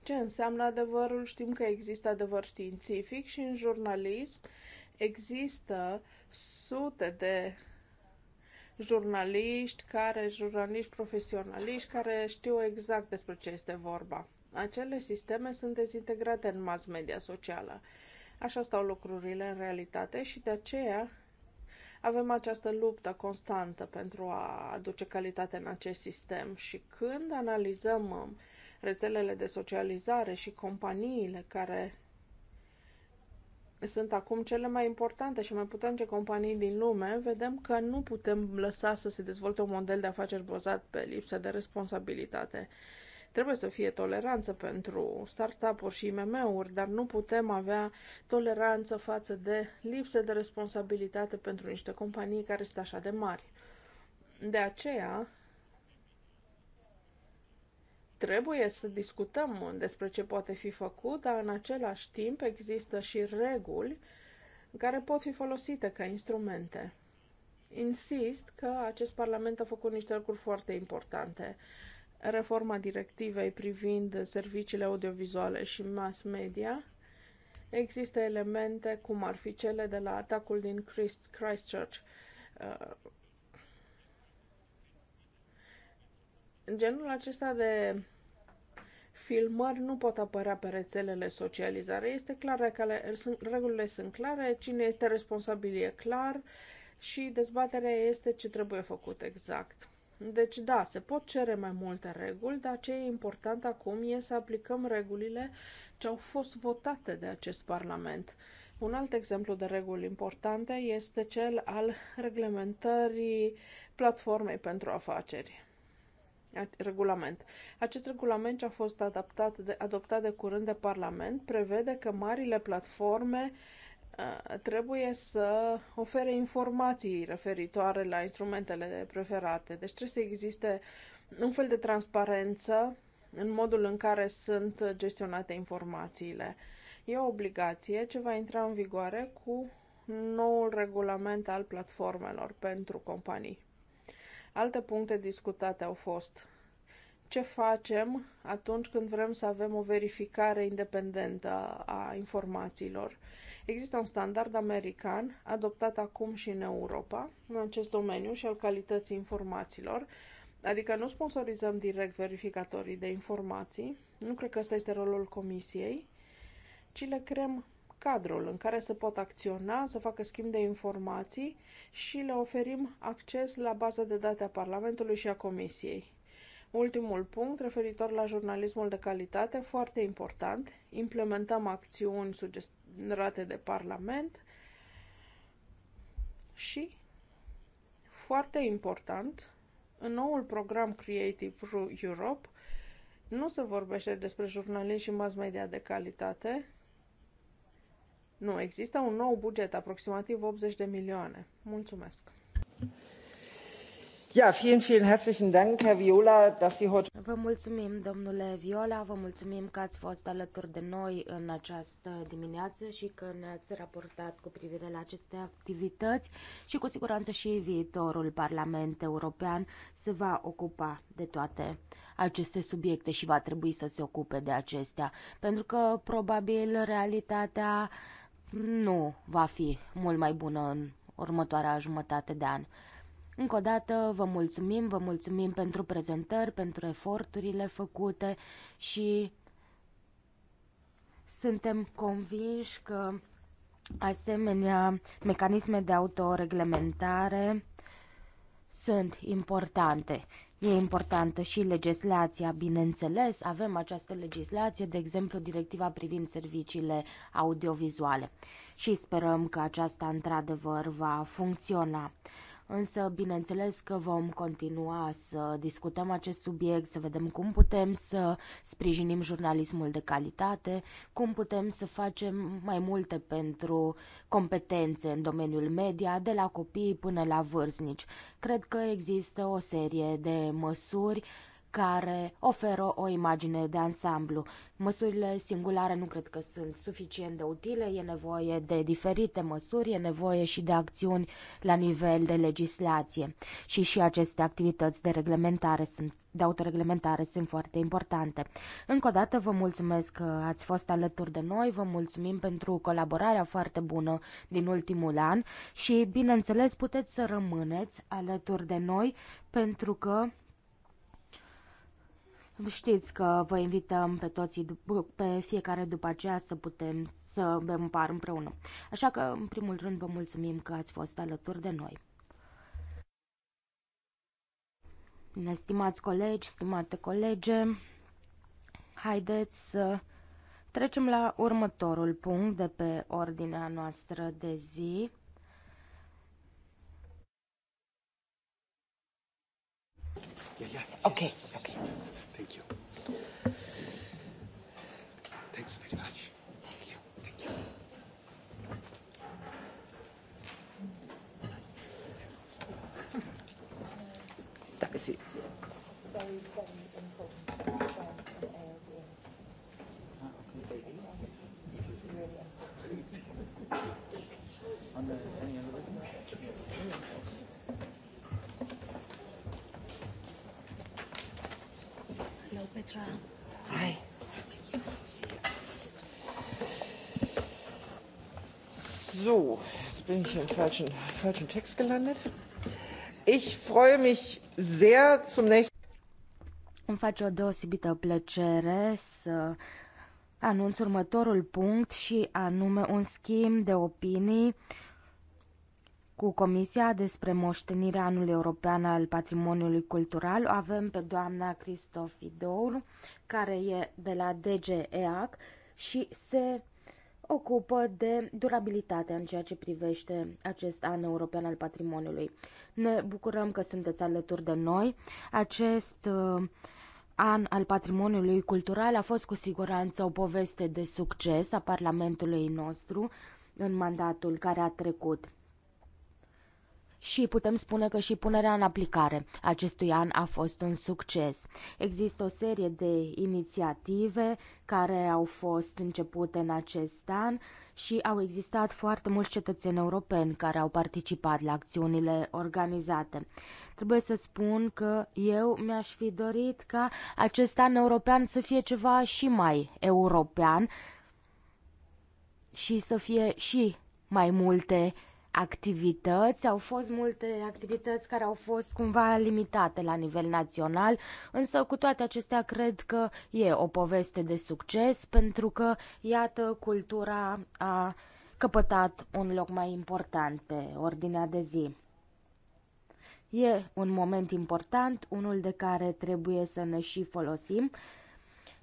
ce înseamnă adevărul. Știm că există adevăr științific și în jurnalism există sute de jurnaliști care, jurnaliști profesionaliști care știu exact despre ce este vorba. Acele sisteme sunt dezintegrate în mass media socială. Așa stau lucrurile în realitate și de aceea avem această luptă constantă pentru a aduce calitate în acest sistem și când analizăm um, rețelele de socializare și companiile care sunt acum cele mai importante și mai puternice companii din lume, vedem că nu putem lăsa să se dezvolte un model de afaceri bazat pe lipsa de responsabilitate Trebuie să fie toleranță pentru startup-uri și IMM-uri, dar nu putem avea toleranță față de lipsă de responsabilitate pentru niște companii care sunt așa de mari. De aceea, trebuie să discutăm despre ce poate fi făcut, dar în același timp există și reguli care pot fi folosite ca instrumente. Insist că acest Parlament a făcut niște lucruri foarte importante reforma directivei privind serviciile audiovizuale și mass media, există elemente cum ar fi cele de la atacul din Christ, Christchurch. Uh, genul acesta de filmări nu pot apărea pe rețelele socializare. Este clar că le, sunt, regulile sunt clare, cine este responsabil e clar și dezbaterea este ce trebuie făcut exact. Deci, da, se pot cere mai multe reguli, dar ce e important acum e să aplicăm regulile ce au fost votate de acest Parlament. Un alt exemplu de reguli importante este cel al reglementării platformei pentru afaceri. Regulament. Acest regulament ce a fost adaptat de, adoptat de curând de Parlament prevede că marile platforme uh, Eh, trebuie să ofere informații referitoare la instrumentele preferate. Deci trebuie să existe un fel de transparență în modul în care sunt gestionate informațiile. E o obligație ce va intra în vigoare cu noul regulament al platformelor pentru companii. Alte puncte discutate au fost ce facem atunci când vrem să avem o verificare independentă a informațiilor Există un standard american adoptat acum și în Europa în acest domeniu și al calității informațiilor, adică nu sponsorizăm direct verificatorii de informații, nu cred că ăsta este rolul comisiei, ci le creăm cadrul în care se pot acționa, să facă schimb de informații și le oferim acces la baza de date a Parlamentului și a Comisiei. Ultimul punct, referitor la jurnalismul de calitate, foarte important. Implementăm acțiuni sugerate de Parlament și, foarte important, în noul program Creative Europe nu se vorbește despre jurnalism și mass media de calitate. Nu, există un nou buget, aproximativ 80 de milioane. Mulțumesc! Vă mulțumim, domnule Viola, vă mulțumim că ați fost alături de noi în această dimineață și că ne-ați raportat cu privire la aceste activități și cu siguranță și viitorul Parlament European se va ocupa de toate aceste subiecte și va trebui să se ocupe de acestea, pentru că probabil realitatea nu va fi mult mai bună în următoarea jumătate de an. Încă o dată vă mulțumim, vă mulțumim pentru prezentări, pentru eforturile făcute și suntem convinși că asemenea mecanisme de autoreglementare sunt importante. E importantă și legislația, bineînțeles. Avem această legislație, de exemplu, directiva privind serviciile audiovizuale. Și sperăm că aceasta, într-adevăr, va funcționa. Însă, bineînțeles că vom continua să discutăm acest subiect, să vedem cum putem să sprijinim jurnalismul de calitate, cum putem să facem mai multe pentru competențe în domeniul media, de la copii până la vârstnici. Cred că există o serie de măsuri care oferă o imagine de ansamblu. Măsurile singulare nu cred că sunt suficient de utile, e nevoie de diferite măsuri, e nevoie și de acțiuni la nivel de legislație. Și și aceste activități de reglementare sunt de autoreglementare sunt foarte importante. Încă o dată vă mulțumesc că ați fost alături de noi, vă mulțumim pentru colaborarea foarte bună din ultimul an și, bineînțeles, puteți să rămâneți alături de noi pentru că Știți că vă invităm pe toți pe fiecare după aceea să putem să bem un par împreună. Așa că, în primul rând, vă mulțumim că ați fost alături de noi. Bine, stimați colegi, stimate colege, haideți să trecem la următorul punct de pe ordinea noastră de zi. Yeah, yeah. Okay, okay. Eu, Petra. Hai. So, jetzt bin ich im falschen, falschen Text gelandet. Ich freue mich sehr zum nächsten. Îmi face o deosebită plăcere să anunț următorul punct și anume un schimb de opinii uh, cu Comisia despre moștenirea anului european al patrimoniului cultural. O avem pe doamna Dour, care e de la DGEAC și se ocupă de durabilitatea în ceea ce privește acest an european al patrimoniului. Ne bucurăm că sunteți alături de noi. Acest uh, an al patrimoniului cultural a fost cu siguranță o poveste de succes a Parlamentului nostru în mandatul care a trecut și putem spune că și punerea în aplicare acestui an a fost un succes. Există o serie de inițiative care au fost începute în acest an și au existat foarte mulți cetățeni europeni care au participat la acțiunile organizate. Trebuie să spun că eu mi-aș fi dorit ca acest an european să fie ceva și mai european și să fie și mai multe activități. Au fost multe activități care au fost cumva limitate la nivel național, însă cu toate acestea cred că e o poveste de succes pentru că, iată, cultura a căpătat un loc mai important pe ordinea de zi. E un moment important, unul de care trebuie să ne și folosim,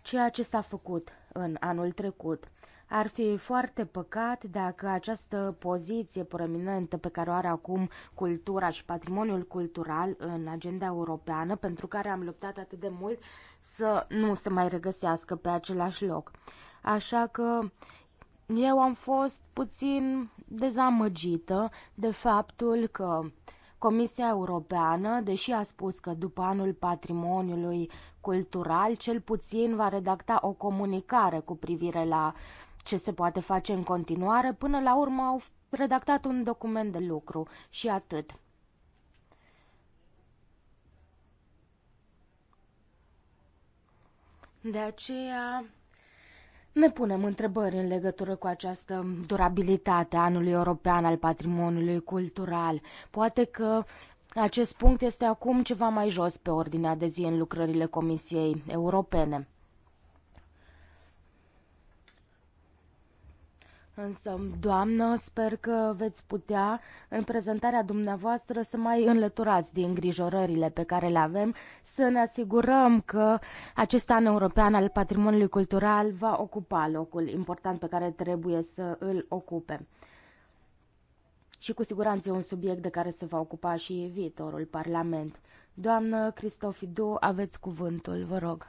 ceea ce s-a făcut în anul trecut. Ar fi foarte păcat dacă această poziție prominentă pe care o are acum cultura și patrimoniul cultural în agenda europeană, pentru care am luptat atât de mult, să nu se mai regăsească pe același loc. Așa că eu am fost puțin dezamăgită de faptul că Comisia Europeană, deși a spus că după anul patrimoniului cultural, cel puțin va redacta o comunicare cu privire la ce se poate face în continuare. Până la urmă au redactat un document de lucru și atât. De aceea ne punem întrebări în legătură cu această durabilitate a anului european al patrimoniului cultural. Poate că acest punct este acum ceva mai jos pe ordinea de zi în lucrările Comisiei Europene. Însă, doamnă, sper că veți putea, în prezentarea dumneavoastră, să mai înlăturați din îngrijorările pe care le avem, să ne asigurăm că acest an european al patrimoniului cultural va ocupa locul important pe care trebuie să îl ocupe. Și cu siguranță e un subiect de care se va ocupa și viitorul Parlament. Doamnă Cristofidu, aveți cuvântul, vă rog.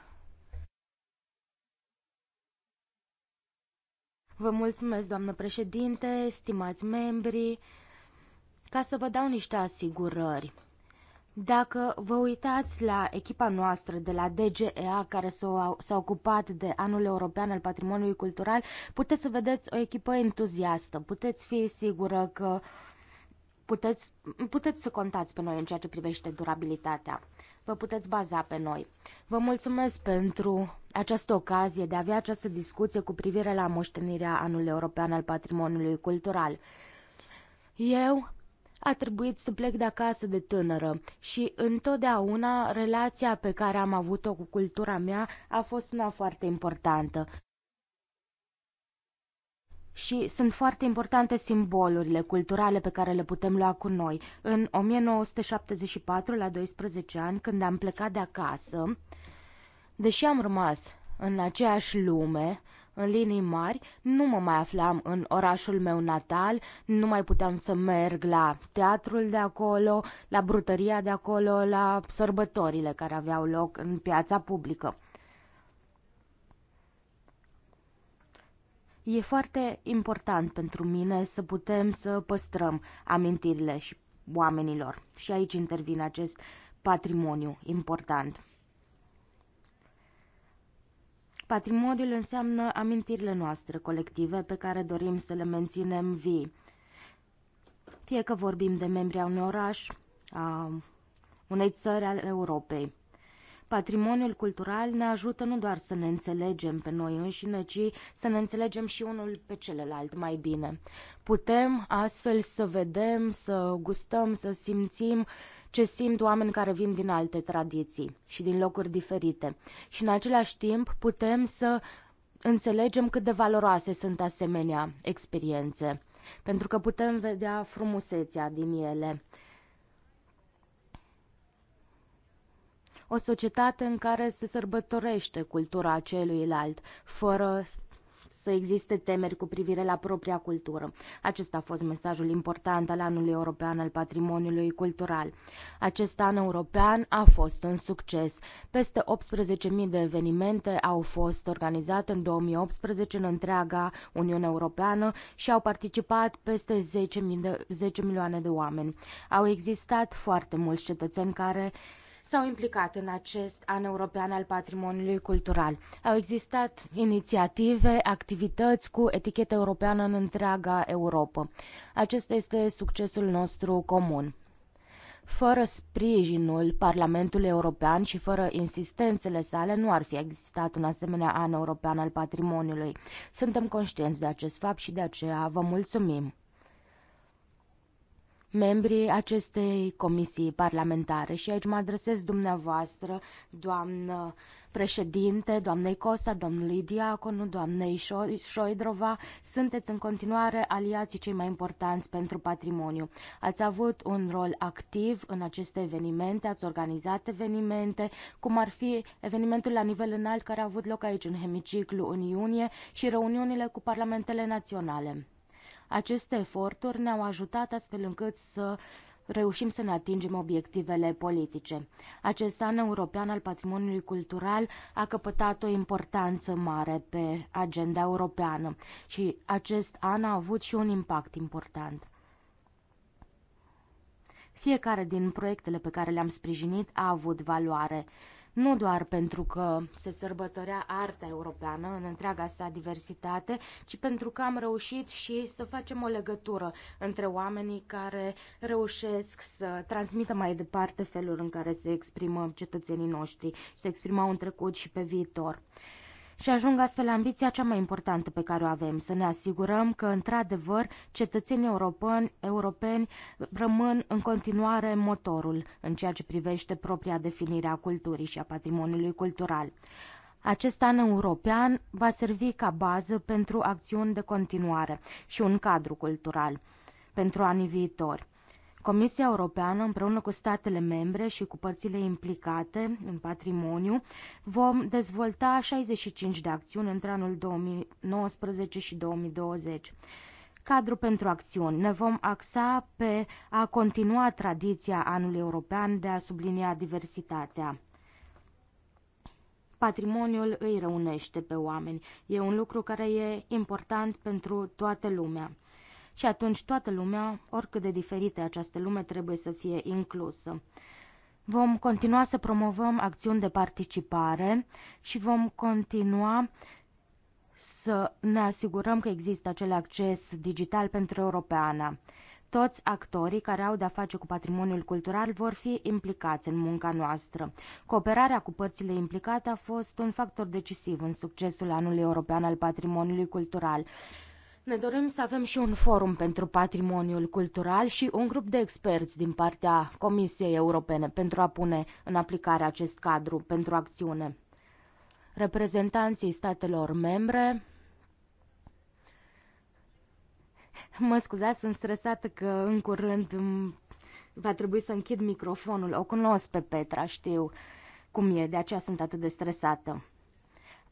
Vă mulțumesc, doamnă președinte, stimați membri, ca să vă dau niște asigurări. Dacă vă uitați la echipa noastră de la DGEA care s-a ocupat de anul european al patrimoniului cultural, puteți să vedeți o echipă entuziastă. Puteți fi sigură că puteți, puteți să contați pe noi în ceea ce privește durabilitatea vă puteți baza pe noi. Vă mulțumesc pentru această ocazie de a avea această discuție cu privire la moștenirea anului european al patrimoniului cultural. Eu a trebuit să plec de acasă de tânără și întotdeauna relația pe care am avut-o cu cultura mea a fost una foarte importantă și sunt foarte importante simbolurile culturale pe care le putem lua cu noi. În 1974, la 12 ani, când am plecat de acasă, deși am rămas în aceeași lume, în linii mari, nu mă mai aflam în orașul meu natal, nu mai puteam să merg la teatrul de acolo, la brutăria de acolo, la sărbătorile care aveau loc în piața publică. E foarte important pentru mine să putem să păstrăm amintirile și oamenilor. Și aici intervine acest patrimoniu important. Patrimoniul înseamnă amintirile noastre colective pe care dorim să le menținem vii. Fie că vorbim de membri a unui oraș, a unei țări ale Europei. Patrimoniul cultural ne ajută nu doar să ne înțelegem pe noi înșine, ci să ne înțelegem și unul pe celălalt mai bine. Putem astfel să vedem, să gustăm, să simțim ce simt oameni care vin din alte tradiții și din locuri diferite. Și în același timp putem să înțelegem cât de valoroase sunt asemenea experiențe, pentru că putem vedea frumusețea din ele. o societate în care se sărbătorește cultura celuilalt, fără să existe temeri cu privire la propria cultură. Acesta a fost mesajul important al anului european al patrimoniului cultural. Acest an european a fost un succes. Peste 18.000 de evenimente au fost organizate în 2018 în întreaga Uniune Europeană și au participat peste 10, de, 10 milioane de oameni. Au existat foarte mulți cetățeni care uh, s-au implicat în acest an european al patrimoniului cultural. Au existat inițiative, activități cu etichetă europeană în întreaga Europa. Acesta este succesul nostru comun fără sprijinul Parlamentului European și fără insistențele sale nu ar fi existat un asemenea an european al patrimoniului. Suntem conștienți de acest fapt și de aceea vă mulțumim membrii acestei comisii parlamentare și aici mă adresez dumneavoastră, doamnă președinte, doamnei Cosa, domnului Diaconu, doamnei Șoidrova, sunteți în continuare aliații cei mai importanți pentru patrimoniu. Ați avut un rol activ în aceste evenimente, ați organizat evenimente, cum ar fi evenimentul la nivel înalt care a avut loc aici în hemiciclu în iunie și reuniunile cu parlamentele naționale. Aceste eforturi ne-au ajutat astfel încât să reușim să ne atingem obiectivele politice. Acest an european al patrimoniului cultural a căpătat o importanță mare pe agenda europeană și acest an a avut și un impact important. Fiecare din proiectele pe care le-am sprijinit a avut valoare nu doar pentru că se sărbătorea arta europeană în întreaga sa diversitate, ci pentru că am reușit și să facem o legătură între oamenii care reușesc să transmită mai departe felul în care se exprimă cetățenii noștri și se exprimau în trecut și pe viitor și ajung astfel la ambiția cea mai importantă pe care o avem, să ne asigurăm că, într-adevăr, cetățenii europeni, europeni rămân în continuare motorul în ceea ce privește propria definire a culturii și a patrimoniului cultural. Acest an european va servi ca bază pentru acțiuni de continuare și un cadru cultural pentru anii viitori. Comisia Europeană, împreună cu statele membre și cu părțile implicate în patrimoniu, vom dezvolta 65 de acțiuni între anul 2019 și 2020 cadru pentru acțiuni. Ne vom axa pe a continua tradiția anului european de a sublinia diversitatea. Patrimoniul îi reunește pe oameni. E un lucru care e important pentru toată lumea și atunci toată lumea, oricât de diferite această lume, trebuie să fie inclusă. Vom continua să promovăm acțiuni de participare și vom continua să ne asigurăm că există acel acces digital pentru europeană. Toți actorii care au de-a face cu patrimoniul cultural vor fi implicați în munca noastră. Cooperarea cu părțile implicate a fost un factor decisiv în succesul anului european al patrimoniului cultural ne dorim să avem și un forum pentru patrimoniul cultural și un grup de experți din partea Comisiei Europene pentru a pune în aplicare acest cadru pentru acțiune. Reprezentanții statelor membre. Mă scuzați, sunt stresată că în curând va trebui să închid microfonul. O cunosc pe Petra, știu cum e, de aceea sunt atât de stresată.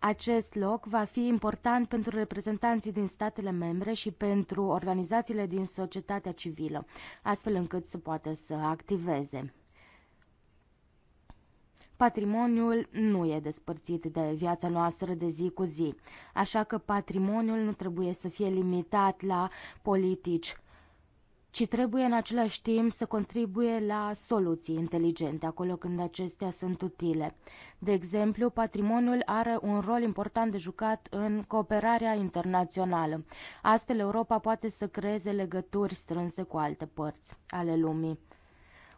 Acest loc va fi important pentru reprezentanții din statele membre și pentru organizațiile din societatea civilă, astfel încât să poată să activeze. Patrimoniul nu e despărțit de viața noastră de zi cu zi, așa că patrimoniul nu trebuie să fie limitat la politici ci trebuie în același timp să contribuie la soluții inteligente acolo când acestea sunt utile. De exemplu, patrimoniul are un rol important de jucat în cooperarea internațională. Astfel, Europa poate să creeze legături strânse cu alte părți ale lumii.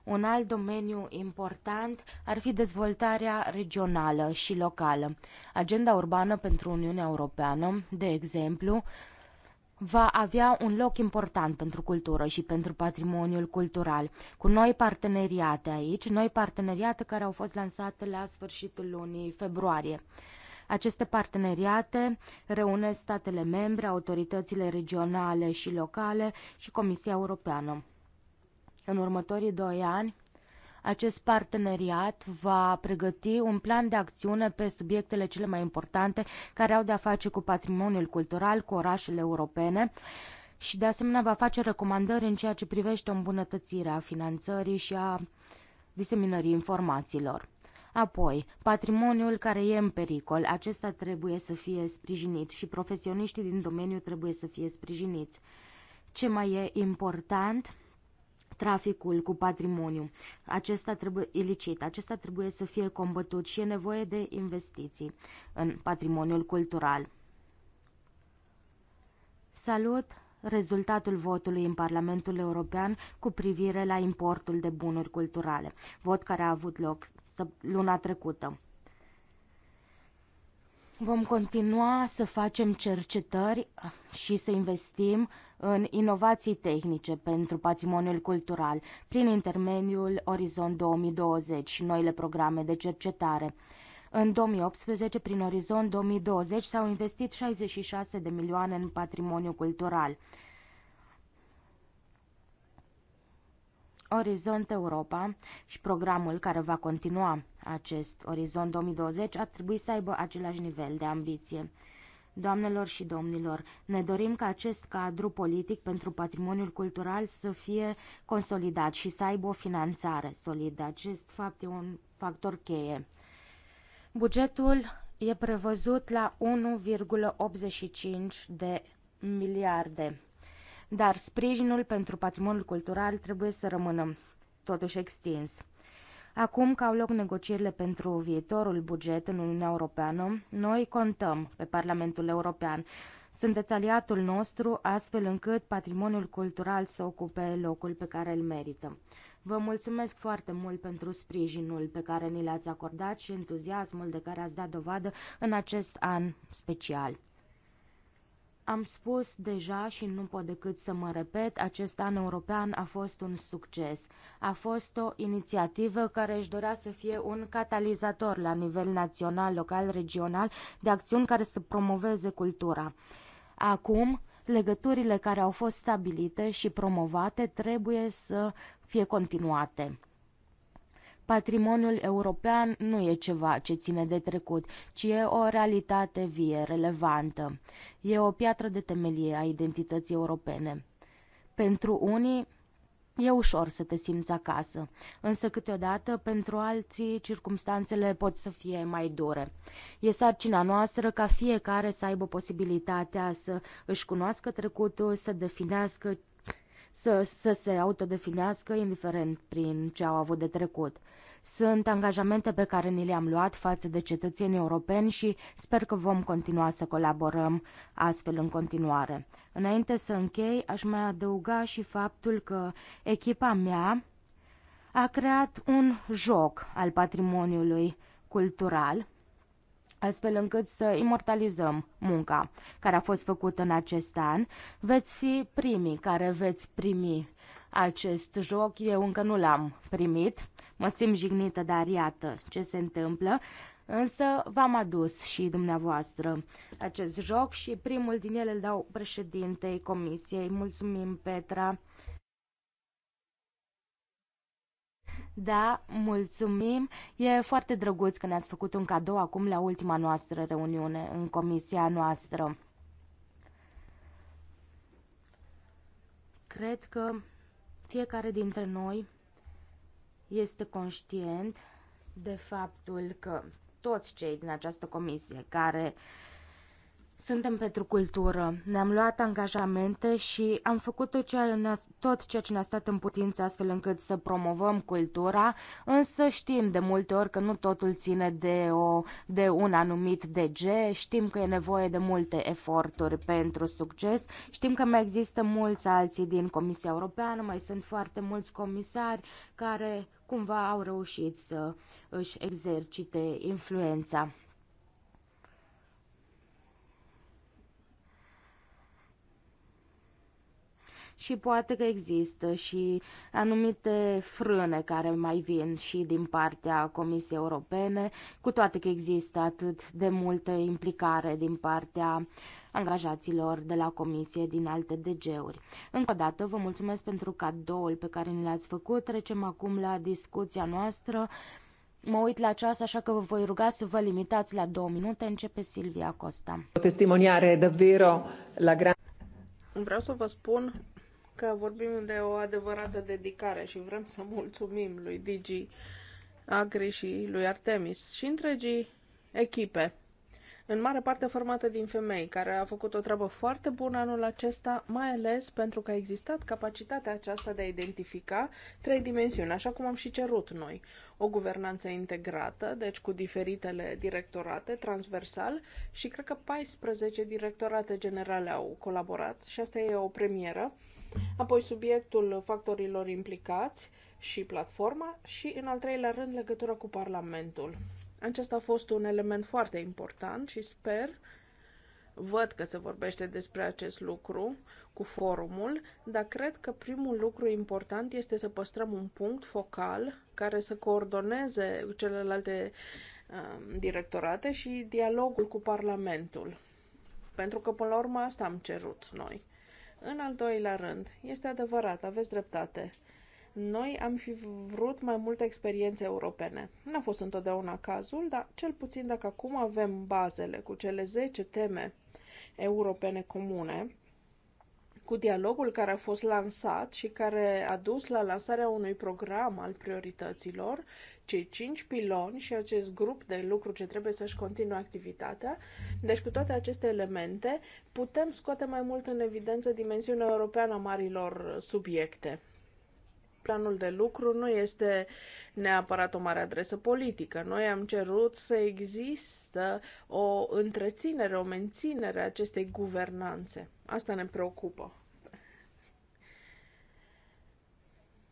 Un alt domeniu important ar fi dezvoltarea regională și locală. Agenda urbană pentru Uniunea Europeană, de exemplu, va avea un loc important pentru cultură și pentru patrimoniul cultural, cu noi parteneriate aici, noi parteneriate care au fost lansate la sfârșitul lunii februarie. Aceste parteneriate reunesc statele membre, autoritățile regionale și locale și Comisia Europeană. În următorii doi ani, acest parteneriat va pregăti un plan de acțiune pe subiectele cele mai importante care au de-a face cu patrimoniul cultural, cu orașele europene și de asemenea va face recomandări în ceea ce privește îmbunătățirea finanțării și a diseminării informațiilor. Apoi, patrimoniul care e în pericol, acesta trebuie să fie sprijinit și profesioniștii din domeniu trebuie să fie sprijiniți. Ce mai e important? traficul cu patrimoniu. Acesta trebuie ilicit, acesta trebuie să fie combătut și e nevoie de investiții în patrimoniul cultural. Salut rezultatul votului în Parlamentul European cu privire la importul de bunuri culturale, vot care a avut loc luna trecută. Vom continua să facem cercetări și să investim în inovații tehnice pentru patrimoniul cultural prin intermediul Orizont 2020 și noile programe de cercetare. În 2018, prin Orizont 2020, s-au investit 66 de milioane în patrimoniu cultural. Orizont Europa și programul care va continua acest Orizont 2020 ar trebui să aibă același nivel de ambiție. Doamnelor și domnilor, ne dorim ca acest cadru politic pentru patrimoniul cultural să fie consolidat și să aibă o finanțare solidă. Acest fapt e un factor cheie. Bugetul e prevăzut la 1,85 de miliarde, dar sprijinul pentru patrimoniul cultural trebuie să rămână totuși extins. Acum că au loc negocierile pentru viitorul buget în Uniunea Europeană, noi contăm pe Parlamentul European. Sunteți aliatul nostru, astfel încât patrimoniul cultural să ocupe locul pe care îl merită. Vă mulțumesc foarte mult pentru sprijinul pe care ni l-ați acordat și entuziasmul de care ați dat dovadă în acest an special. Am spus deja și nu pot decât să mă repet, acest an european a fost un succes. A fost o inițiativă care își dorea să fie un catalizator la nivel național, local, regional, de acțiuni care să promoveze cultura. Acum, legăturile care au fost stabilite și promovate trebuie să fie continuate. Patrimoniul european nu e ceva ce ține de trecut, ci e o realitate vie, relevantă. E o piatră de temelie a identității europene. Pentru unii, E ușor să te simți acasă, însă câteodată pentru alții circumstanțele pot să fie mai dure. E sarcina noastră ca fiecare să aibă posibilitatea să își cunoască trecutul, să definească să, să se autodefinească indiferent prin ce au avut de trecut. Sunt angajamente pe care ni le-am luat față de cetățenii europeni și sper că vom continua să colaborăm astfel în continuare. Înainte să închei, aș mai adăuga și faptul că echipa mea a creat un joc al patrimoniului cultural astfel încât să imortalizăm munca care a fost făcută în acest an. Veți fi primii care veți primi acest joc. Eu încă nu l-am primit. Mă simt jignită, dar iată ce se întâmplă. Însă v-am adus și dumneavoastră acest joc și primul din ele îl dau președintei comisiei. Mulțumim, Petra. Da, mulțumim. E foarte drăguț că ne-ați făcut un cadou acum la ultima noastră reuniune în comisia noastră. Cred că fiecare dintre noi este conștient de faptul că toți cei din această comisie care uh, suntem pentru cultură. Ne-am luat angajamente și am făcut tot ceea, tot ceea ce ne-a stat în putință astfel încât să promovăm cultura, însă știm de multe ori că nu totul ține de, o, de un anumit DG, știm că e nevoie de multe eforturi pentru succes, știm că mai există mulți alții din Comisia Europeană, mai sunt foarte mulți comisari care cumva au reușit să își exercite influența. și poate că există și anumite frâne care mai vin și din partea Comisiei Europene, cu toate că există atât de multă implicare din partea angajaților de la comisie din alte DG-uri. Încă o dată vă mulțumesc pentru cadoul pe care ne l-ați făcut. Trecem acum la discuția noastră. Mă uit la ceas, așa că vă voi ruga să vă limitați la două minute. Începe Silvia Costa. O testimoniare davvero la gran... Vreau să vă spun că vorbim de o adevărată dedicare și vrem să mulțumim lui Digi Agri și lui Artemis și întregii echipe, în mare parte formată din femei, care a făcut o treabă foarte bună anul acesta, mai ales pentru că a existat capacitatea aceasta de a identifica trei dimensiuni, așa cum am și cerut noi. O guvernanță integrată, deci cu diferitele directorate, transversal, și cred că 14 directorate generale au colaborat și asta e o premieră apoi subiectul factorilor implicați și platforma și, în al treilea rând, legătura cu Parlamentul. Acesta a fost un element foarte important și sper, văd că se vorbește despre acest lucru cu forumul, dar cred că primul lucru important este să păstrăm un punct focal care să coordoneze celelalte um, directorate și dialogul cu Parlamentul. Pentru că, până la urmă, asta am cerut noi. În al doilea rând, este adevărat, aveți dreptate. Noi am fi vrut mai multe experiențe europene. Nu a fost întotdeauna cazul, dar cel puțin dacă acum avem bazele cu cele 10 teme europene comune, cu dialogul care a fost lansat și care a dus la lansarea unui program al priorităților, cei cinci piloni și acest grup de lucru ce trebuie să-și continue activitatea. Deci, cu toate aceste elemente, putem scoate mai mult în evidență dimensiunea europeană a marilor subiecte planul de lucru nu este neapărat o mare adresă politică. Noi am cerut să există o întreținere, o menținere a acestei guvernanțe. Asta ne preocupă.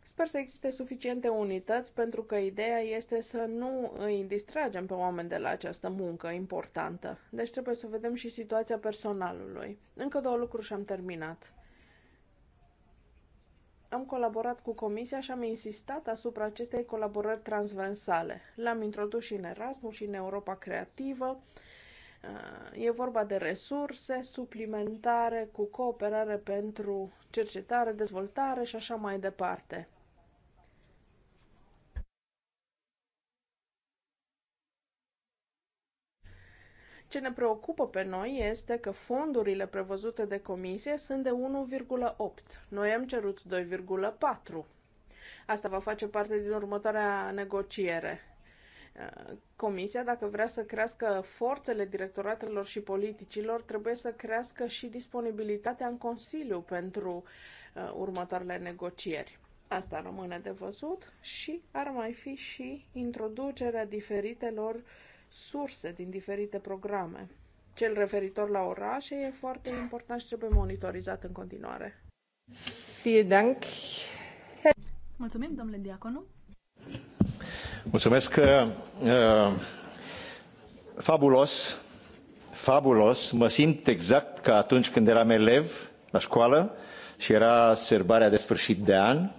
Sper să existe suficiente unități pentru că ideea este să nu îi distragem pe oameni de la această muncă importantă. Deci trebuie să vedem și situația personalului. Încă două lucruri și am terminat. Am colaborat cu comisia și am insistat asupra acestei colaborări transversale. L-am introdus și în Erasmus și în Europa Creativă E vorba de resurse suplimentare cu cooperare pentru cercetare, dezvoltare și așa mai departe. Ce ne preocupă pe noi este că fondurile prevăzute de comisie sunt de 1,8. Noi am cerut 2,4. Asta va face parte din următoarea negociere. Comisia, dacă vrea să crească forțele directoratelor și politicilor, trebuie să crească și disponibilitatea în Consiliu pentru uh, următoarele negocieri. Asta rămâne de văzut și ar mai fi și introducerea diferitelor surse din diferite programe. Cel referitor la orașe e foarte important și trebuie monitorizat în continuare. Vielen Mulțumim, domnule Diaconu. Mulțumesc. Uh, fabulos, fabulos. Mă simt exact ca atunci când eram elev la școală și era serbarea de sfârșit de an.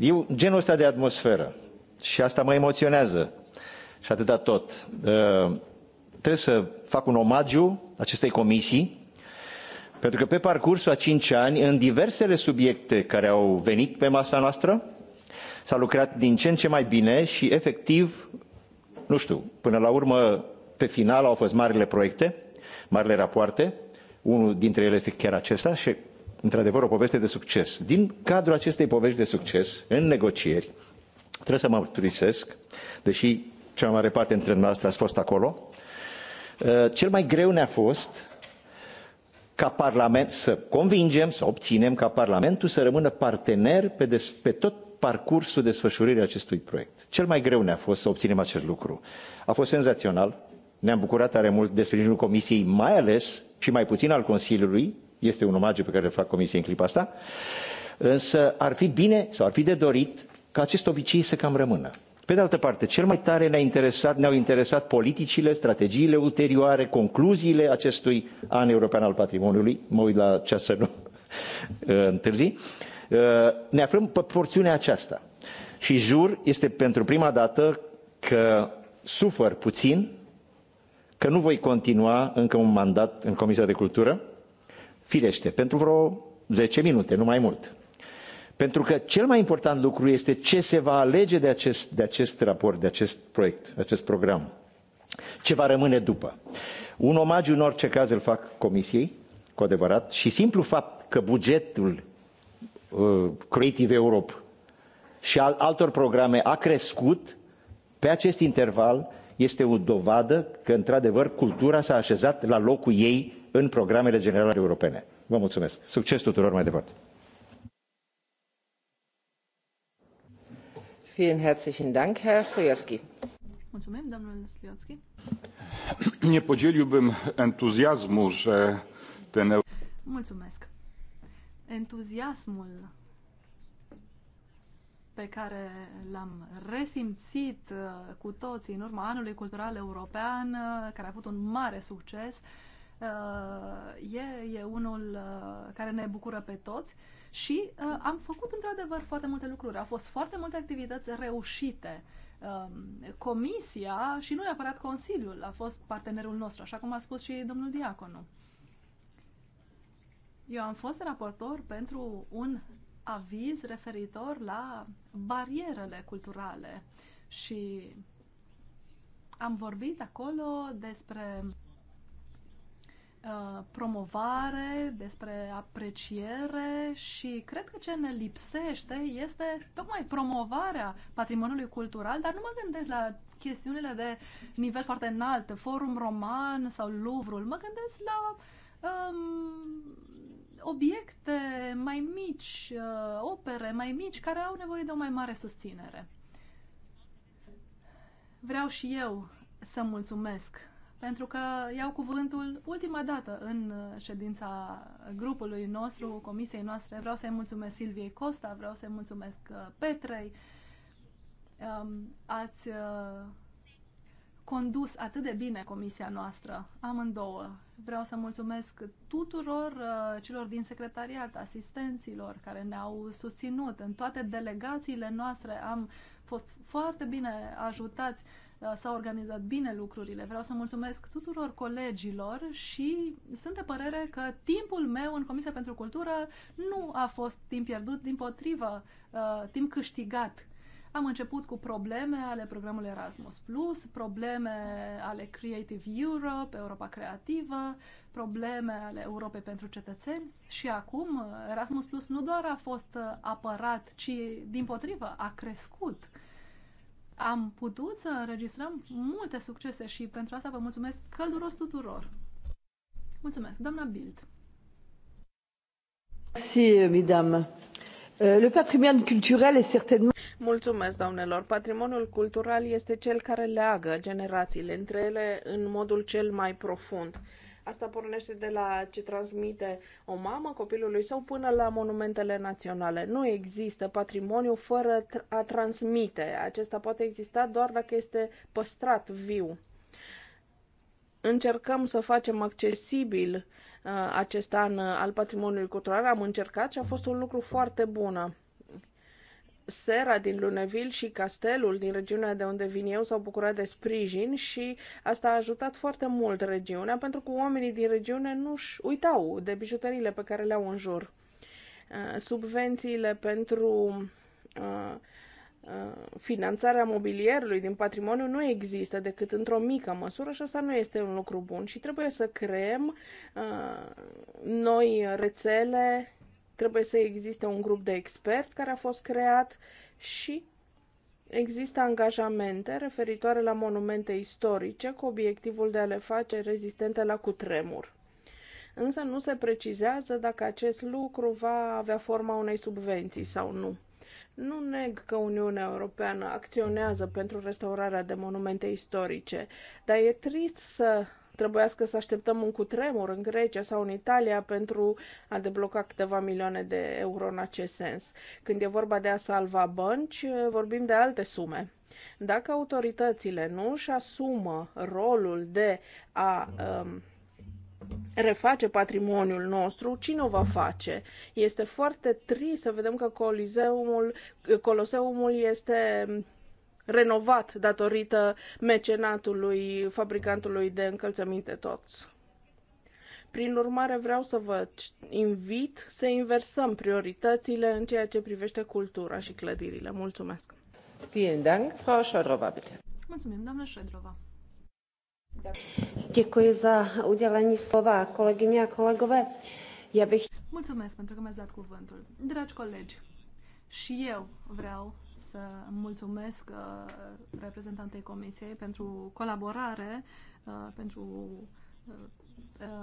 Eu, genul ăsta de atmosferă. Și asta mă emoționează. Și atâta tot. Uh, trebuie să fac un omagiu acestei comisii, pentru că pe parcursul a cinci ani, în diversele subiecte care au venit pe masa noastră, s-a lucrat din ce în ce mai bine și efectiv, nu știu, până la urmă, pe final au fost marile proiecte, marile rapoarte, unul dintre ele este chiar acesta și, într-adevăr, o poveste de succes. Din cadrul acestei povești de succes, în negocieri, trebuie să mărturisesc, deși cea mare parte dintre noastre ați fost acolo, uh, cel mai greu ne-a fost ca Parlament să convingem, să obținem ca Parlamentul să rămână partener pe, des, pe tot parcursul desfășurării acestui proiect. Cel mai greu ne-a fost să obținem acest lucru. A fost senzațional, ne-am bucurat tare mult de sprijinul Comisiei, mai ales și mai puțin al Consiliului, este un omagiu pe care îl fac Comisiei în clipa asta, însă ar fi bine sau ar fi de dorit ca acest obicei să cam rămână. Pe de altă parte, cel mai tare ne-a interesat, ne-au interesat politicile, strategiile ulterioare, concluziile acestui an european al patrimoniului. Mă uit la ceas să nu întârzi. Uh, Uh, ne aflăm pe porțiunea aceasta. Și jur, este pentru prima dată că sufăr puțin, că nu voi continua încă un mandat în Comisia de Cultură, firește, pentru vreo 10 minute, nu mai mult. Pentru că cel mai important lucru este ce se va alege de acest, de acest raport, de acest proiect, acest program. Ce va rămâne după. Un omagiu în orice caz îl fac comisiei, cu adevărat, și simplu fapt că bugetul Uh, Creative Europe și al altor programe a crescut pe acest interval este o dovadă că, într-adevăr, cultura s-a așezat la locul ei în programele generale europene. Vă mulțumesc. Succes tuturor mai departe. Vielen herzlichen Dank, Herr Strojewski. Mulțumim, domnul Strojewski. że ten... Mulțumesc entuziasmul pe care l-am resimțit uh, cu toții în urma anului cultural european, uh, care a avut un mare succes, uh, e, e unul care ne bucură pe toți și am făcut într-adevăr foarte multe lucruri. Au fost foarte multe activități reușite. Um, comisia și nu neapărat Consiliul a fost partenerul nostru, așa cum a spus și domnul Diaconu. Eu am fost raportor pentru un aviz referitor la barierele culturale și am vorbit acolo despre uh, promovare, despre apreciere și cred că ce ne lipsește este tocmai promovarea patrimoniului cultural, dar nu mă gândesc la chestiunile de nivel foarte înalt, Forum Roman sau louvre mă gândesc la um, obiecte mai mici, uh, opere mai mici, care au nevoie de o mai mare susținere. Vreau și eu să mulțumesc pentru că iau cuvântul ultima dată în uh, ședința grupului nostru, comisiei noastre. Vreau să-i mulțumesc Silviei Costa, vreau să-i mulțumesc uh, Petrei. Um, ați condus atât de bine comisia noastră, amândouă. Vreau să mulțumesc tuturor uh, celor din secretariat, asistenților care ne-au susținut. În toate delegațiile noastre am fost foarte bine ajutați, uh, s-au organizat bine lucrurile. Vreau să mulțumesc tuturor colegilor și sunt de părere că timpul meu în Comisia pentru Cultură nu a fost timp pierdut, din potrivă, uh, timp câștigat am început cu probleme ale programului Erasmus Plus, probleme ale Creative Europe, Europa Creativă, probleme ale Europei pentru cetățeni și acum Erasmus Plus nu doar a fost apărat, ci din potrivă a crescut. Am putut să înregistrăm multe succese și pentru asta vă mulțumesc călduros tuturor. Mulțumesc, doamna Bild. Merci, mesdames. Euh, le patrimoine culturel est certainement... Mulțumesc, doamnelor. Patrimoniul cultural este cel care leagă generațiile între ele în modul cel mai profund. Asta pornește de la ce transmite o mamă copilului sau până la monumentele naționale. Nu există patrimoniu fără a transmite. Acesta poate exista doar dacă este păstrat viu. Încercăm să facem accesibil uh, Uh, acest an uh, al patrimoniului cultural. Am încercat și a fost un lucru foarte bun. Sera din Luneville și castelul din regiunea de unde vin eu s-au bucurat de sprijin și asta a ajutat foarte mult regiunea pentru că oamenii din regiune nu-și uitau de bijuteriile pe care le au în jur. Uh, subvențiile pentru uh, Uh, finanțarea mobilierului din patrimoniu nu există decât într-o mică măsură și asta nu este un lucru bun și trebuie să creăm uh, noi rețele, trebuie să existe un grup de experți care a fost creat și Există angajamente referitoare la monumente istorice cu obiectivul de a le face rezistente la cutremur. Însă nu se precizează dacă acest lucru va avea forma unei subvenții sau nu. Nu neg că Uniunea Europeană acționează pentru restaurarea de monumente istorice, dar e trist să trebuiască să așteptăm un cutremur în Grecia sau în Italia pentru a debloca câteva milioane de euro în acest sens. Când e vorba de a salva bănci, vorbim de alte sume. Dacă autoritățile nu își asumă rolul de a um, reface patrimoniul nostru, cine o va face? Este foarte trist să vedem că Coliseumul, Coloseumul este renovat datorită mecenatului fabricantului de încălțăminte toți. Prin urmare, vreau să vă invit să inversăm prioritățile în ceea ce privește cultura și clădirile. Mulțumesc! Vielen Dank, Frau Șodrova, bitte. Mulțumim, doamnă Șodrova. Děkuji za udělení slova, kolegyně a kolegové. Já bych... Mulțumesc pentru că mi-ați dat cuvântul. Dragi colegi, și eu vreau să mulțumesc uh, reprezentantei Comisiei pentru colaborare, uh, pentru uh,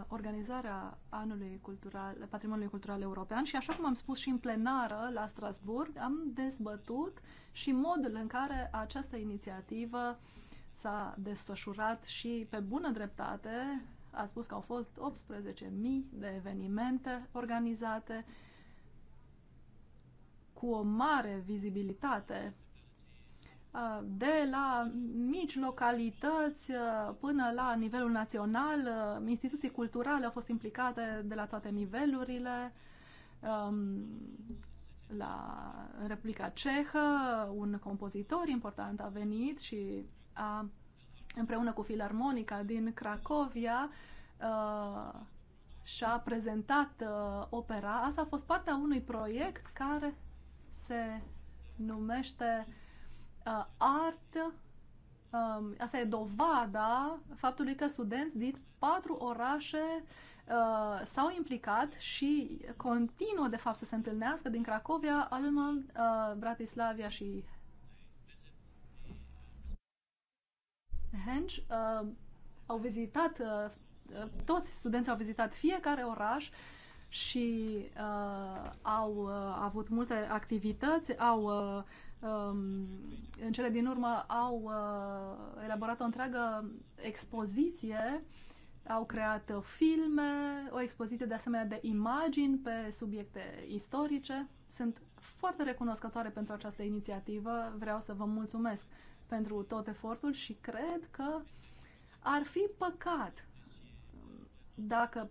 organizarea anului cultural, patrimoniului cultural european și așa cum am spus și în plenară la Strasburg, am dezbătut și modul în care această inițiativă uh, s-a desfășurat și pe bună dreptate. A spus că au fost 18.000 de evenimente organizate cu o mare vizibilitate de la mici localități până la nivelul național, instituții culturale au fost implicate de la toate nivelurile. La Republica Cehă, un compozitor important a venit și a, împreună cu Filarmonica din Cracovia, a, și-a prezentat a, opera. Asta a fost partea unui proiect care se numește a, Art. A, asta e dovada faptului că studenți din patru orașe uh, s-au implicat și continuă, de fapt, să se întâlnească din Cracovia, Alman, uh, Bratislavia și Henge uh, au vizitat, uh, toți studenții au vizitat fiecare oraș și uh, au uh, avut multe activități, au uh, um, în cele din urmă au uh, elaborat o întreagă expoziție, au creat filme, o expoziție de asemenea de imagini pe subiecte istorice. Sunt foarte recunoscătoare pentru această inițiativă, vreau să vă mulțumesc pentru tot efortul și cred că ar fi păcat dacă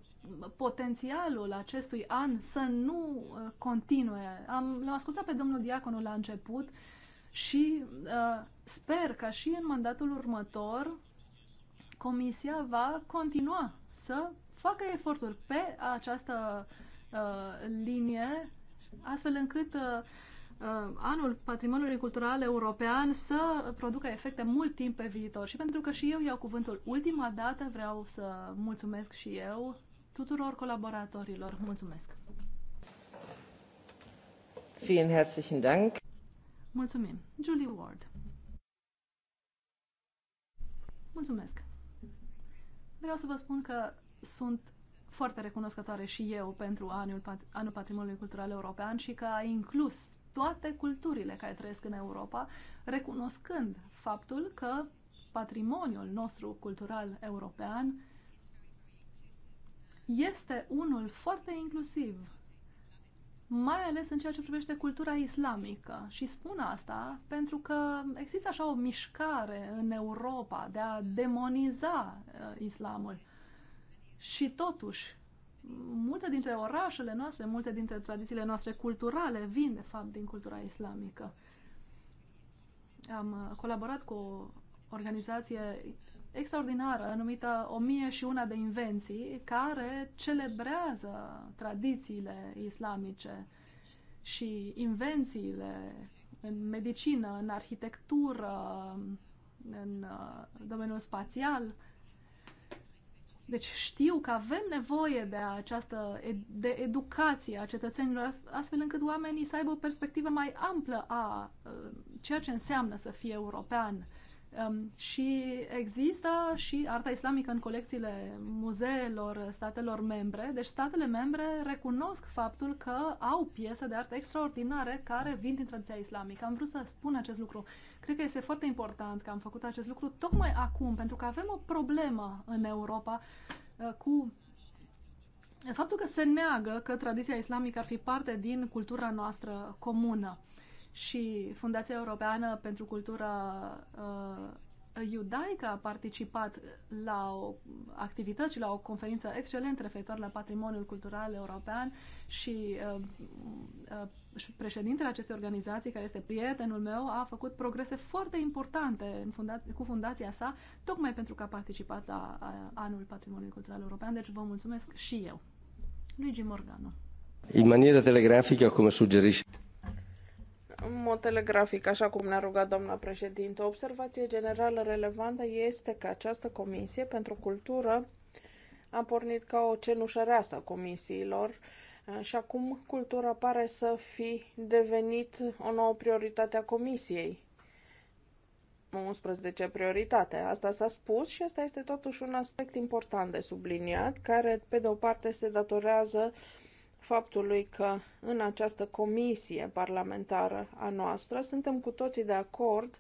potențialul acestui an să nu uh, continue. Am, l-am ascultat pe domnul Diaconul la început și uh, sper ca și în mandatul următor Comisia va continua să facă eforturi pe această uh, linie, astfel încât uh, Uh, anul patrimoniului cultural european să producă efecte mult timp pe viitor. Și pentru că și eu iau cuvântul ultima dată, vreau să mulțumesc și eu tuturor colaboratorilor. Mulțumesc! Vielen herzlichen Dank! Mulțumim! Julie Ward Mulțumesc! Vreau să vă spun că sunt foarte recunoscătoare și eu pentru anul, anul Patrimoniului Cultural European și că a inclus toate culturile care trăiesc în Europa, recunoscând faptul că patrimoniul nostru cultural european este unul foarte inclusiv, mai ales în ceea ce privește cultura islamică. Și spun asta pentru că există așa o mișcare în Europa de a demoniza uh, islamul. Și totuși, multe dintre orașele noastre, multe dintre tradițiile noastre culturale vin, de fapt, din cultura islamică. Am uh, colaborat cu o organizație extraordinară numită O mie și una de invenții, care celebrează tradițiile islamice și invențiile în medicină, în arhitectură, în uh, domeniul spațial, deci știu că avem nevoie de această de educație a cetățenilor, astfel încât oamenii să aibă o perspectivă mai amplă a uh, ceea ce înseamnă să fie european Um, și există și arta islamică în colecțiile muzeelor statelor membre. Deci statele membre recunosc faptul că au piese de artă extraordinare care vin din tradiția islamică. Am vrut să spun acest lucru. Cred că este foarte important că am făcut acest lucru tocmai acum, pentru că avem o problemă în Europa uh, cu faptul că se neagă că tradiția islamică ar fi parte din cultura noastră comună și Fundația Europeană pentru Cultura uh, Iudaică a participat la o activități și la o conferință excelentă referitor la patrimoniul cultural european și uh, uh, președintele acestei organizații, care este prietenul meu, a făcut progrese foarte importante în funda cu fundația sa, tocmai pentru că a participat la anul patrimoniului cultural european. Deci vă mulțumesc și eu. Luigi Morgano. În maniera telegrafică, cum sugerisce în mod telegrafic, așa cum ne-a rugat doamna președinte, o observație generală relevantă este că această comisie pentru cultură a pornit ca o cenușăreasă comisiilor și acum cultura pare să fi devenit o nouă prioritate a comisiei. 11 prioritate. Asta s-a spus și asta este totuși un aspect important de subliniat, care pe de o parte se datorează uh, faptului că în această comisie parlamentară a noastră suntem cu toții de acord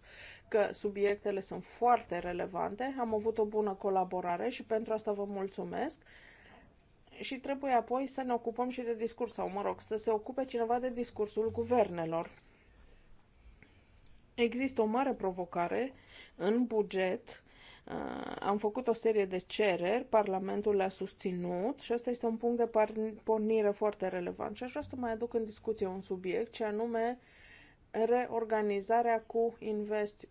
că subiectele sunt foarte relevante, am avut o bună colaborare și pentru asta vă mulțumesc. Și trebuie apoi să ne ocupăm și de discurs, sau mă rog, să se ocupe cineva de discursul guvernelor. Există o mare provocare în buget Uh, am făcut o serie de cereri, Parlamentul le-a susținut și ăsta este un punct de pornire foarte relevant. Și aș vrea să mai aduc în discuție un subiect, ce anume reorganizarea cu InvestU,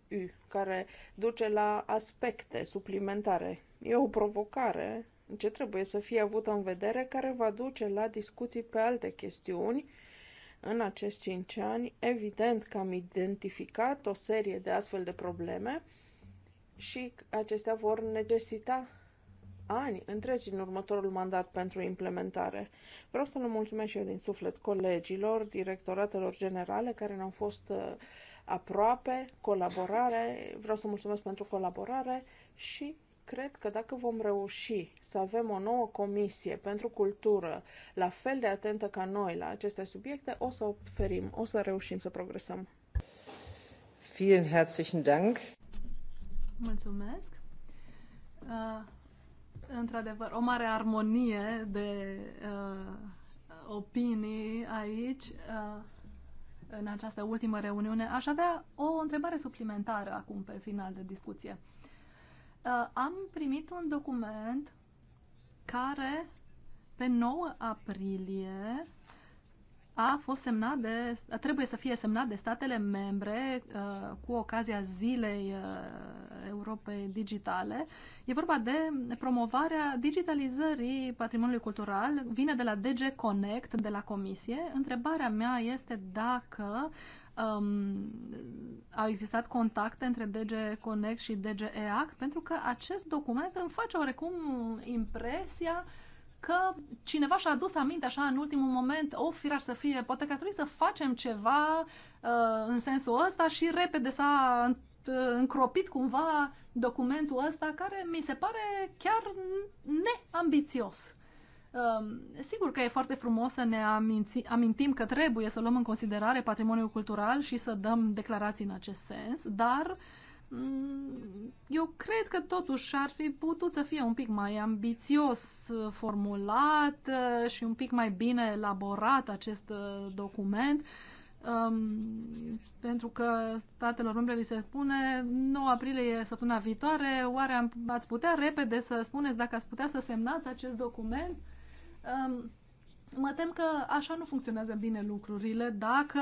care duce la aspecte suplimentare. E o provocare ce trebuie să fie avută în vedere, care va duce la discuții pe alte chestiuni. În acești cinci ani, evident că am identificat o serie de astfel de probleme, și acestea vor necesita ani întregi în următorul mandat pentru implementare. Vreau să le mulțumesc și eu din suflet colegilor, directoratelor generale care ne-au fost uh, aproape, colaborare, vreau să mulțumesc pentru colaborare și cred că dacă vom reuși să avem o nouă comisie pentru cultură, la fel de atentă ca noi la aceste subiecte, o să oferim, o să reușim să progresăm. Vielen herzlichen Dank. Mulțumesc. Uh, într-adevăr, o mare armonie de uh, opinii aici. Uh, în această ultimă reuniune. Aș avea o întrebare suplimentară acum pe final de discuție. Uh, am primit un document care pe 9 aprilie a fost semnat de, trebuie să fie semnat de statele membre uh, cu ocazia Zilei uh, Europei Digitale. E vorba de promovarea digitalizării patrimoniului cultural. Vine de la DG Connect, de la Comisie. Întrebarea mea este dacă um, au existat contacte între DG Connect și DG EAC, pentru că acest document îmi face oarecum impresia uh, că cineva și-a adus aminte așa în ultimul moment, o, oh, firar să fie, poate că trebuie să facem ceva uh, în sensul ăsta și repede s-a uh, încropit cumva documentul ăsta care mi se pare chiar neambițios. Um, sigur că e foarte frumos să ne aminti, amintim că trebuie să luăm în considerare patrimoniul cultural și să dăm declarații în acest sens, dar uh, Mm, eu cred că totuși ar fi putut să fie un pic mai ambițios formulat uh, și un pic mai bine elaborat acest uh, document, um, pentru că statelor membre li se spune 9 aprilie săptămâna viitoare, oare ați putea repede să spuneți dacă ați putea să semnați acest document? Um, mă tem că așa nu funcționează bine lucrurile dacă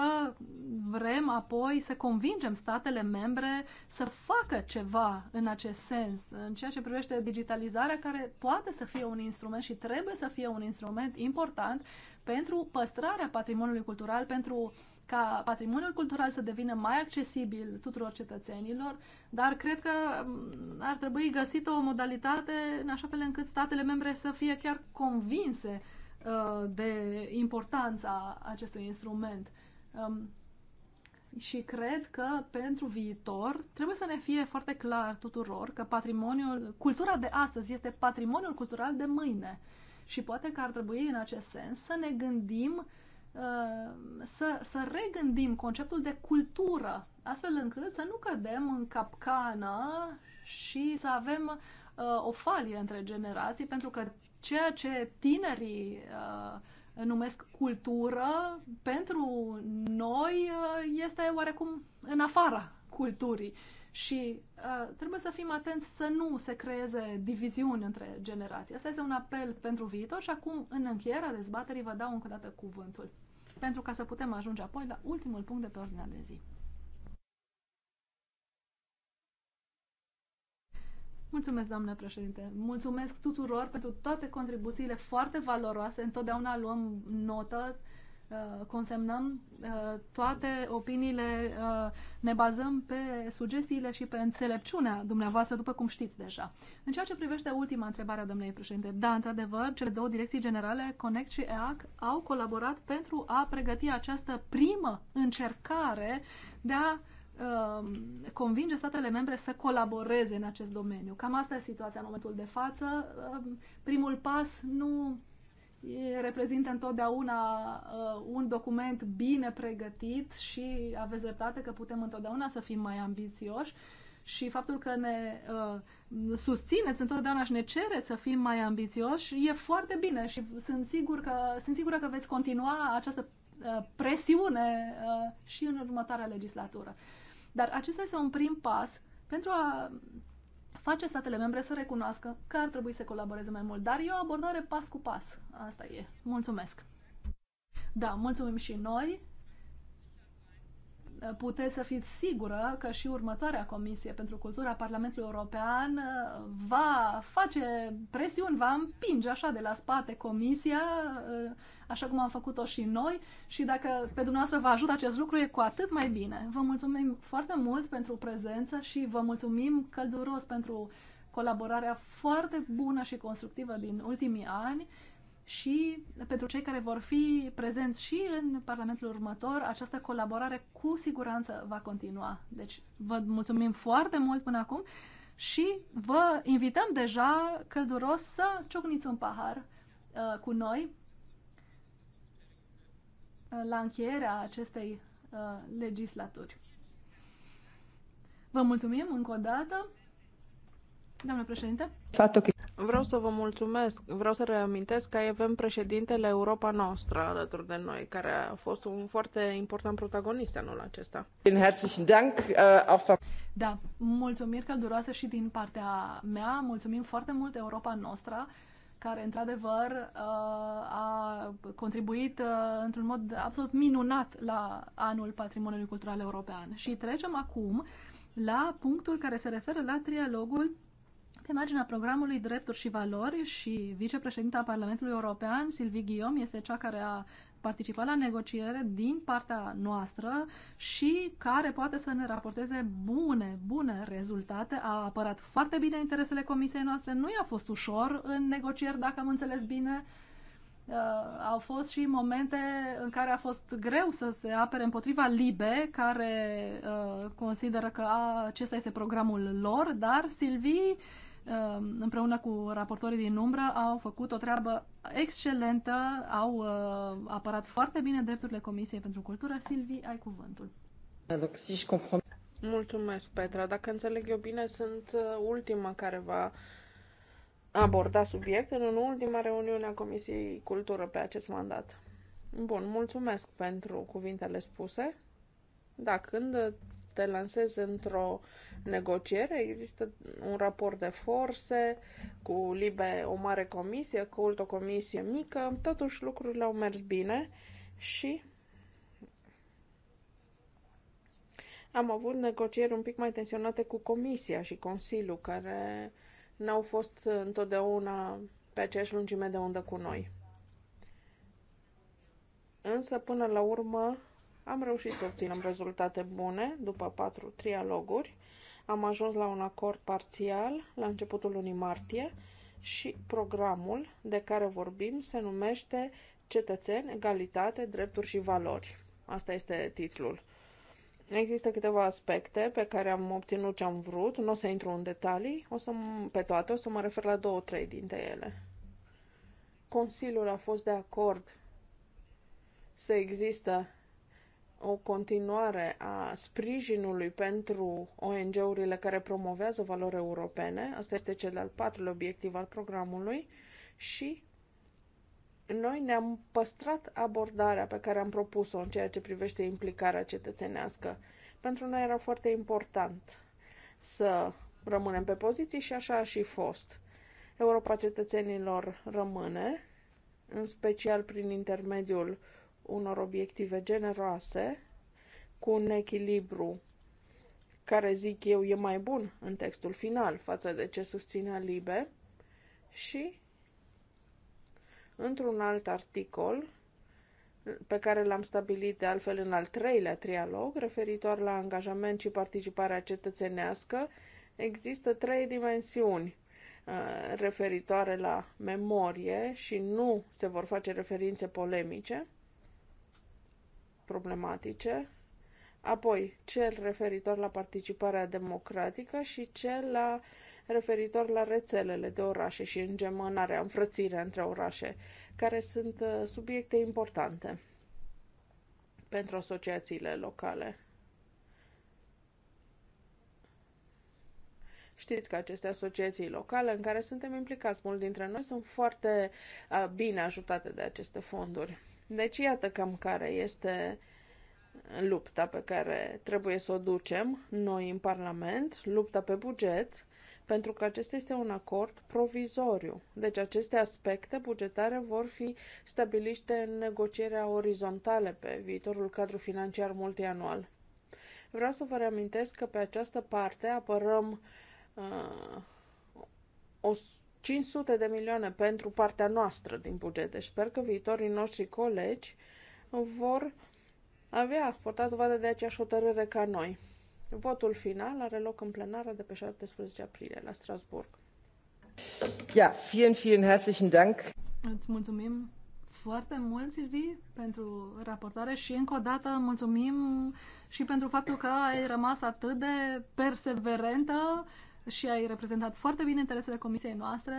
vrem apoi să convingem statele membre să facă ceva în acest sens, în ceea ce privește digitalizarea, care poate să fie un instrument și trebuie să fie un instrument important pentru păstrarea patrimoniului cultural, pentru ca patrimoniul cultural să devină mai accesibil tuturor cetățenilor, dar cred că ar trebui găsită o modalitate în așa fel încât statele membre să fie chiar convinse Uh, de importanța acestui instrument. Um, și cred că pentru viitor trebuie să ne fie foarte clar tuturor că patrimoniul, cultura de astăzi este patrimoniul cultural de mâine. Și poate că ar trebui în acest sens să ne gândim, uh, să, să regândim conceptul de cultură, astfel încât să nu cădem în capcană și să avem uh, o falie între generații, pentru că ceea ce tinerii uh, numesc cultură, pentru noi uh, este oarecum în afara culturii. Și uh, trebuie să fim atenți să nu se creeze diviziuni între generații. Asta este un apel pentru viitor și acum, în încheierea dezbaterii, vă dau încă o dată cuvântul pentru ca să putem ajunge apoi la ultimul punct de pe ordinea de zi. Mulțumesc, doamnă președinte. Mulțumesc tuturor pentru toate contribuțiile foarte valoroase. Întotdeauna luăm notă, uh, consemnăm uh, toate opiniile, uh, ne bazăm pe sugestiile și pe înțelepciunea dumneavoastră, după cum știți deja. În ceea ce privește ultima întrebare a domnului președinte, da, într-adevăr, cele două direcții generale, Connect și EAC, au colaborat pentru a pregăti această primă încercare de a Um, convinge statele membre să colaboreze în acest domeniu. Cam asta e situația în momentul de față. Um, primul pas nu reprezintă întotdeauna uh, un document bine pregătit și aveți dreptate că putem întotdeauna să fim mai ambițioși și faptul că ne uh, susțineți întotdeauna și ne cereți să fim mai ambițioși e foarte bine și sunt, sigur că, sunt sigură că veți continua această uh, presiune și în următoarea legislatură. Dar acesta este un prim pas pentru a face statele membre să recunoască că ar trebui să colaboreze mai mult. Dar e o abordare pas cu pas. Asta e. Mulțumesc! Da, mulțumim și noi puteți să fiți sigură că și următoarea Comisie pentru Cultura a Parlamentului European uh, va face presiuni, va împinge așa de la spate Comisia, uh, așa cum am făcut-o și noi și dacă pe dumneavoastră vă ajută acest lucru, e cu atât mai bine. Vă mulțumim foarte mult pentru prezență și vă mulțumim călduros pentru colaborarea foarte bună și constructivă din ultimii ani și pentru cei care vor fi prezenți și în Parlamentul următor, această colaborare cu siguranță va continua. Deci vă mulțumim foarte mult până acum și vă invităm deja călduros să ciocniți un pahar uh, cu noi uh, la încheierea acestei uh, legislaturi. Vă mulțumim încă o dată. Doamna președinte? Vreau să vă mulțumesc, vreau să reamintesc că avem președintele Europa Noastră alături de noi, care a fost un foarte important protagonist anul acesta. Äh, da, mulțumiri călduroase și din partea mea, mulțumim foarte mult Europa Noastră, care într-adevăr uh, a contribuit uh, într-un mod absolut minunat la anul patrimoniului cultural european. Și trecem acum la punctul care se referă la trialogul pe marginea programului Drepturi și Valori și vicepreședinta Parlamentului European, Silvie Guillaume, este cea care a participat la negociere din partea noastră și care poate să ne raporteze bune, bune rezultate. A apărat foarte bine interesele comisiei noastre. Nu i-a fost ușor în negocieri, dacă am înțeles bine. Uh, au fost și momente în care a fost greu să se apere împotriva Libe, care uh, consideră că a, acesta este programul lor, dar Silvii Um, împreună cu raportorii din umbră, au făcut o treabă excelentă, au uh, apărat foarte bine drepturile Comisiei pentru Cultură. Silvi, ai cuvântul. Mulțumesc, Petra. Dacă înțeleg eu bine, sunt uh, ultima care va aborda subiectul în ultima reuniune a Comisiei Cultură pe acest mandat. Bun, mulțumesc pentru cuvintele spuse. Da, când te lansezi într-o negociere, există un raport de forțe, cu libe o mare comisie, cu o comisie mică, totuși lucrurile au mers bine și am avut negocieri un pic mai tensionate cu comisia și Consiliul, care n-au fost întotdeauna pe aceeași lungime de undă cu noi. Însă, până la urmă, am reușit să obținem rezultate bune după patru trialoguri. Am ajuns la un acord parțial la începutul lunii martie și programul de care vorbim se numește Cetățeni, Egalitate, Drepturi și Valori. Asta este titlul. Există câteva aspecte pe care am obținut ce am vrut, nu o să intru în detalii, o să, pe toate, o să mă refer la două, trei dintre ele. Consiliul a fost de acord să există o continuare a sprijinului pentru ONG-urile care promovează valori europene. Asta este cel al patrulea obiectiv al programului și noi ne-am păstrat abordarea pe care am propus-o în ceea ce privește implicarea cetățenească. Pentru noi era foarte important să rămânem pe poziții și așa a și fost. Europa cetățenilor rămâne, în special prin intermediul unor obiective generoase, cu un echilibru care, zic eu, e mai bun în textul final față de ce susținea Libe și într-un alt articol pe care l-am stabilit de altfel în al treilea trialog, referitor la angajament și participarea cetățenească, există trei dimensiuni uh, referitoare la memorie și nu se vor face referințe polemice problematice, apoi cel referitor la participarea democratică și cel la referitor la rețelele de orașe și îngemânarea, înfrățirea între orașe, care sunt uh, subiecte importante pentru asociațiile locale. Știți că aceste asociații locale în care suntem implicați, mulți dintre noi, sunt foarte uh, bine ajutate de aceste fonduri. Deci iată cam care este lupta pe care trebuie să o ducem noi în Parlament, lupta pe buget, pentru că acesta este un acord provizoriu. Deci aceste aspecte bugetare vor fi stabilite în negocierea orizontale pe viitorul cadru financiar multianual. Vreau să vă reamintesc că pe această parte apărăm uh, o 500 de milioane pentru partea noastră din buget. Deci sper că viitorii noștri colegi vor avea, vor da dovadă de aceeași hotărâre ca noi. Votul final are loc în plenară de pe 17 aprilie la Strasburg. Ja, vielen, vielen herzlichen Dank. Îți mulțumim foarte mult, Silvi, pentru raportare și încă o dată mulțumim și pentru faptul că ai rămas atât de perseverentă și ai reprezentat foarte bine interesele comisiei noastre.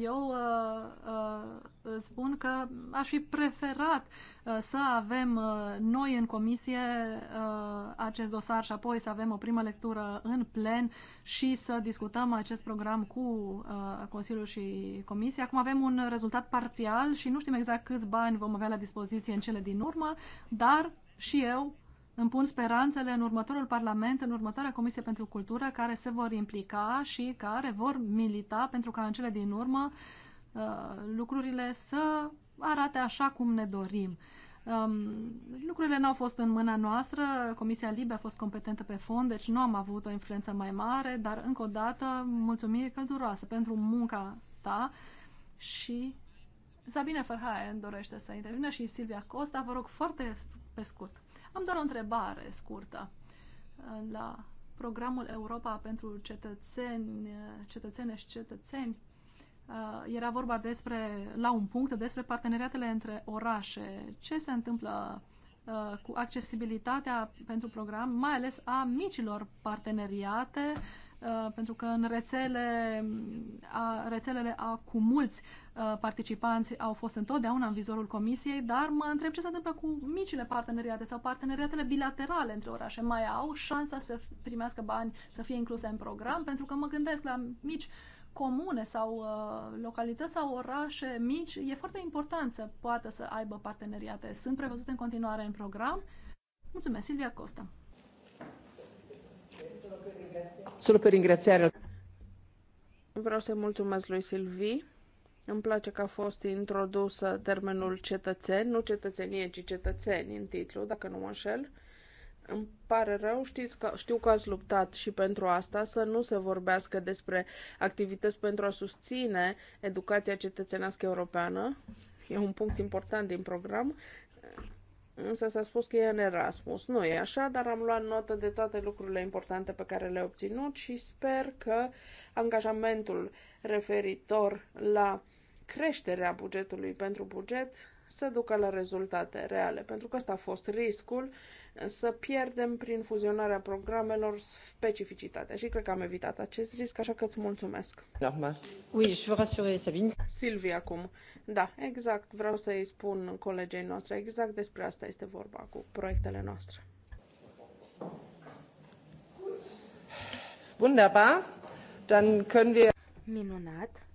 Eu uh, uh, îți spun că aș fi preferat uh, să avem uh, noi în comisie uh, acest dosar și apoi să avem o primă lectură în plen și să discutăm acest program cu uh, Consiliul și Comisia. Acum avem un rezultat parțial și nu știm exact câți bani vom avea la dispoziție în cele din urmă, dar și eu îmi pun speranțele în următorul Parlament, în următoarea Comisie pentru Cultură, care se vor implica și care vor milita pentru ca în cele din urmă uh, lucrurile să arate așa cum ne dorim. Um, lucrurile n-au fost în mâna noastră, Comisia Libe a fost competentă pe fond, deci nu am avut o influență mai mare, dar încă o dată mulțumiri călduroase pentru munca ta și Sabine Ferhaien dorește să intervină și Silvia Costa, vă rog foarte pe scurt. Am doar o întrebare scurtă. La programul Europa pentru cetățeni, cetățene și cetățeni, uh, era vorba despre, la un punct, despre parteneriatele între orașe. Ce se întâmplă uh, cu accesibilitatea pentru program, mai ales a micilor parteneriate Uh, pentru că în rețele, a, rețelele a cu mulți a, uh, participanți au fost întotdeauna în vizorul comisiei, dar mă întreb ce se întâmplă cu micile parteneriate sau parteneriatele bilaterale între orașe. Mai au șansa să primească bani, să fie incluse în program? Pentru că mă gândesc la mici comune sau uh, localități sau orașe mici, e foarte important să poată să aibă parteneriate. Sunt prevăzute în continuare în program. Mulțumesc, Silvia Costa. Vreau să mulțumesc lui Silvi. Îmi place că a fost introdusă termenul cetățeni, nu cetățenie, ci cetățeni în titlu, dacă nu mă înșel. Îmi pare rău, știți că, știu că ați luptat și pentru asta, să nu se vorbească despre activități pentru a susține educația cetățenească europeană. E un punct important din program, Însă s-a spus că e în Erasmus. Nu e așa, dar am luat notă de toate lucrurile importante pe care le-a obținut și sper că angajamentul referitor la creșterea bugetului pentru buget să ducă la rezultate reale, pentru că ăsta a fost riscul să pierdem prin fuzionarea programelor specificitatea și cred că am evitat acest risc, așa că îți mulțumesc. Oui, je veux rassurer Sabine. Silvia acum. Da, exact. Vreau să îi spun colegei noastre. Exact despre asta este vorba cu proiectele noastre. Wunderbar. Dann können wir... Minunat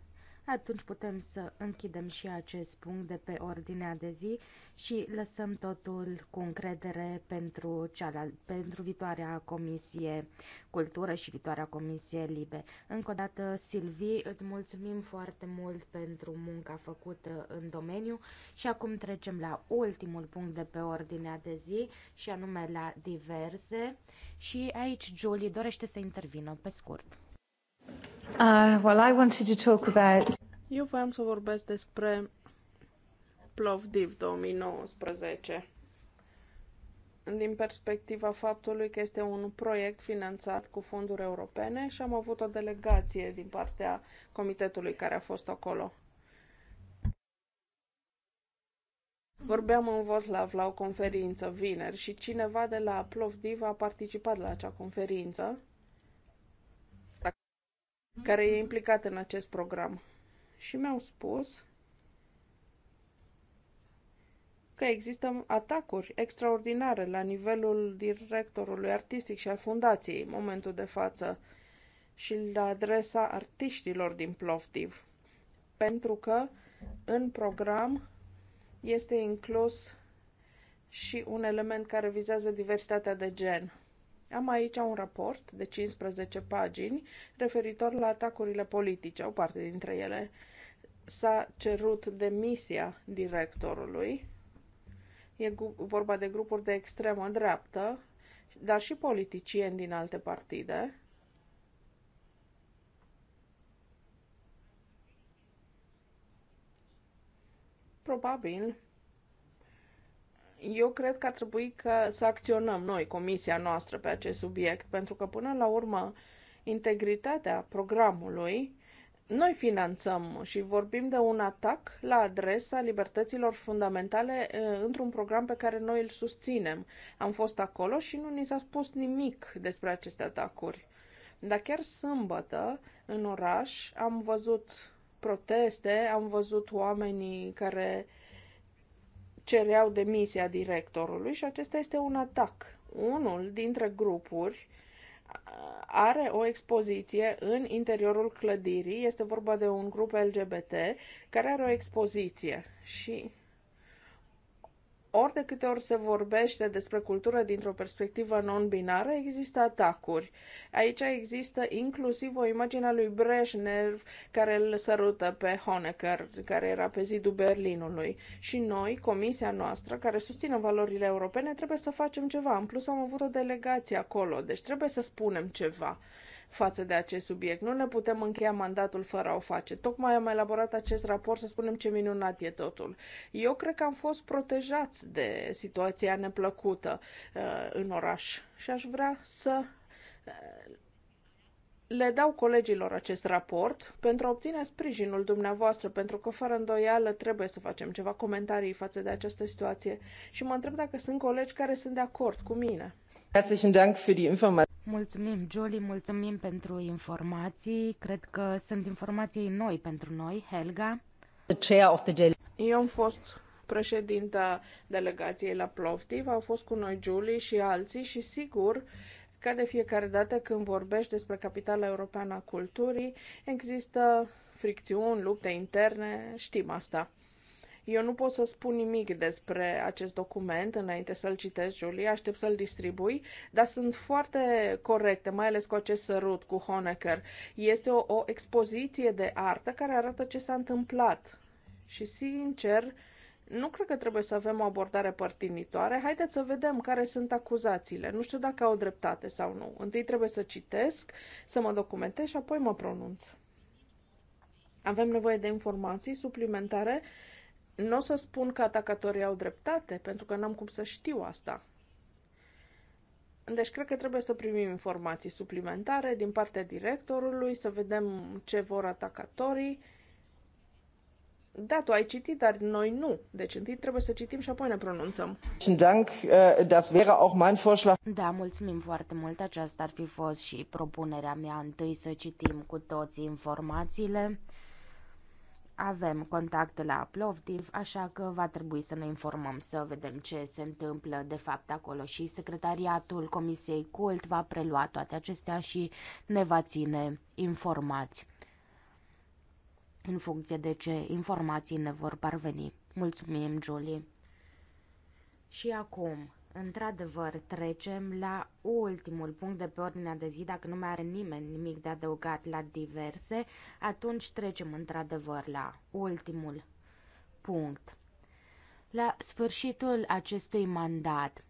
atunci putem să închidem și acest punct de pe ordinea de zi și lăsăm totul cu încredere pentru, cealalt, pentru viitoarea Comisie Cultură și viitoarea Comisie Libe. Încă o dată, Silvi, îți mulțumim foarte mult pentru munca făcută în domeniu și acum trecem la ultimul punct de pe ordinea de zi și anume la diverse și aici Julie dorește să intervină pe scurt. Uh, well, I wanted to talk about... Eu voiam să vorbesc despre Plovdiv 2019 din perspectiva faptului că este un proiect finanțat cu fonduri europene și am avut o delegație din partea comitetului care a fost acolo. Vorbeam în Voslav la o conferință vineri și cineva de la Plovdiv a participat la acea conferință care e implicat în acest program. Și mi-au spus că există atacuri extraordinare la nivelul directorului artistic și al fundației în momentul de față și la adresa artiștilor din Plovdiv. Pentru că în program este inclus și un element care vizează diversitatea de gen. Am aici un raport de 15 pagini referitor la atacurile politice, o parte dintre ele. S-a cerut demisia directorului. E vorba de grupuri de extremă dreaptă, dar și politicieni din alte partide. Probabil eu cred că ar trebui că să acționăm noi, comisia noastră, pe acest subiect, pentru că până la urmă integritatea programului noi finanțăm și vorbim de un atac la adresa libertăților fundamentale într-un program pe care noi îl susținem. Am fost acolo și nu ni s-a spus nimic despre aceste atacuri. Dar chiar sâmbătă, în oraș, am văzut proteste, am văzut oamenii care uh, cereau demisia directorului și acesta este un atac. Unul dintre grupuri are o expoziție în interiorul clădirii, este vorba de un grup LGBT care are o expoziție și ori de câte ori se vorbește despre cultură dintr-o perspectivă non-binară, există atacuri. Aici există inclusiv o imagine a lui Brezhnev care îl sărută pe Honecker, care era pe zidul Berlinului. Și noi, comisia noastră, care susține valorile europene, trebuie să facem ceva. În plus, am avut o delegație acolo, deci trebuie să spunem ceva față de acest subiect. Nu ne putem încheia mandatul fără a o face. Tocmai am elaborat acest raport să spunem ce minunat e totul. Eu cred că am fost protejați de situația neplăcută uh, în oraș și aș vrea să uh, le dau colegilor acest raport pentru a obține sprijinul dumneavoastră, pentru că fără îndoială trebuie să facem ceva comentarii față de această situație și mă întreb dacă sunt colegi care sunt de acord cu mine. Herzlichen Dank für die Mulțumim, Julie, mulțumim pentru informații. Cred că sunt informații noi pentru noi. Helga? Eu am fost președinta delegației la Plovdiv, au fost cu noi Julie și alții și sigur ca de fiecare dată când vorbești despre capitala europeană a culturii, există fricțiuni, lupte interne, știm asta. Eu nu pot să spun nimic despre acest document înainte să-l citesc, Julie, aștept să-l distribui, dar sunt foarte corecte, mai ales cu acest sărut, cu Honecker. Este o, o expoziție de artă care arată ce s-a întâmplat. Și, sincer, nu cred că trebuie să avem o abordare părtinitoare. Haideți să vedem care sunt acuzațiile. Nu știu dacă au dreptate sau nu. Întâi trebuie să citesc, să mă documentez și apoi mă pronunț. Avem nevoie de informații suplimentare nu o să spun că atacatorii au dreptate, pentru că n-am cum să știu asta. Deci cred că trebuie să primim informații suplimentare din partea directorului, să vedem ce vor atacatorii. Da, tu ai citit, dar noi nu. Deci întâi trebuie să citim și apoi ne pronunțăm. Äh, da, mulțumim foarte mult. Aceasta ar fi fost și propunerea mea. Întâi să citim cu toții informațiile avem contact la Plovdiv, așa că va trebui să ne informăm, să vedem ce se întâmplă de fapt acolo și secretariatul Comisiei Cult va prelua toate acestea și ne va ține informați în funcție de ce informații ne vor parveni. Mulțumim, Julie! Și acum, într-adevăr, trecem la ultimul punct de pe ordinea de zi, dacă nu mai are nimeni nimic de adăugat la diverse, atunci trecem într-adevăr la ultimul punct. La sfârșitul acestui mandat,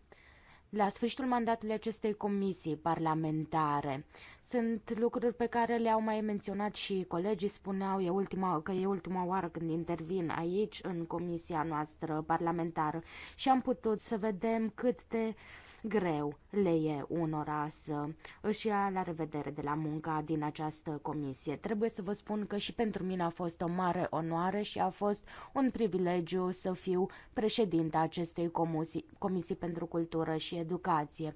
la sfârșitul mandatului acestei comisii parlamentare. Sunt lucruri pe care le-au mai menționat și colegii, spuneau e ultima, că e ultima oară când intervin aici, în comisia noastră parlamentară și am putut să vedem cât de uh, greu le e unora să își ia la revedere de la munca din această comisie. Trebuie să vă spun că și pentru mine a fost o mare onoare și a fost un privilegiu să fiu președinta acestei comisii, comisii pentru cultură și educație.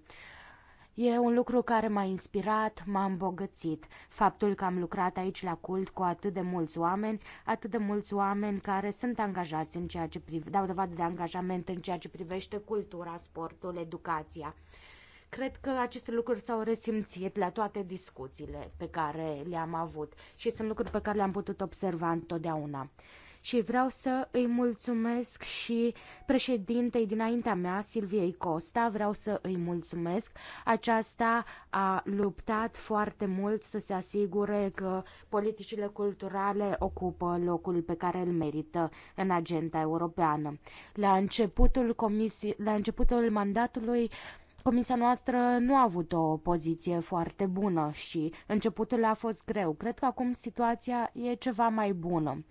E un lucru care m-a inspirat, m-a îmbogățit. Faptul că am lucrat aici la cult cu atât de mulți oameni, atât de mulți oameni care sunt angajați în ceea ce privește, dau dovadă de angajament în ceea ce privește cultura, sportul, educația. Cred că aceste lucruri s-au resimțit la toate discuțiile pe care le-am avut și sunt lucruri pe care le-am putut observa întotdeauna și vreau să îi mulțumesc și președintei dinaintea mea, Silviei Costa, vreau să îi mulțumesc. Aceasta a luptat foarte mult să se asigure că politicile culturale ocupă locul pe care îl merită în agenda europeană. La începutul, comisii, la începutul mandatului, Comisia noastră nu a avut o poziție foarte bună și începutul a fost greu. Cred că acum situația e ceva mai bună.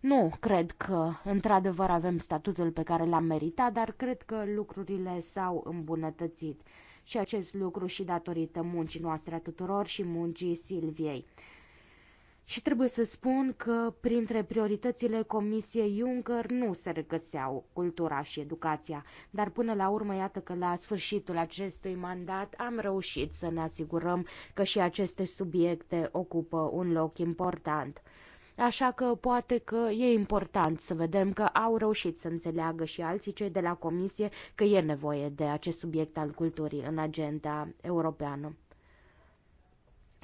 Nu cred că într-adevăr avem statutul pe care l-am meritat, dar cred că lucrurile s-au îmbunătățit. Și acest lucru și datorită muncii noastre a tuturor și muncii Silviei. Și trebuie să spun că printre prioritățile Comisiei Juncker nu se regăseau cultura și educația, dar până la urmă iată că la sfârșitul acestui mandat am reușit să ne asigurăm că și aceste subiecte ocupă un loc important. Așa că poate că e important să vedem că au reușit să înțeleagă și alții cei de la Comisie că e nevoie de acest subiect al culturii în agenda europeană.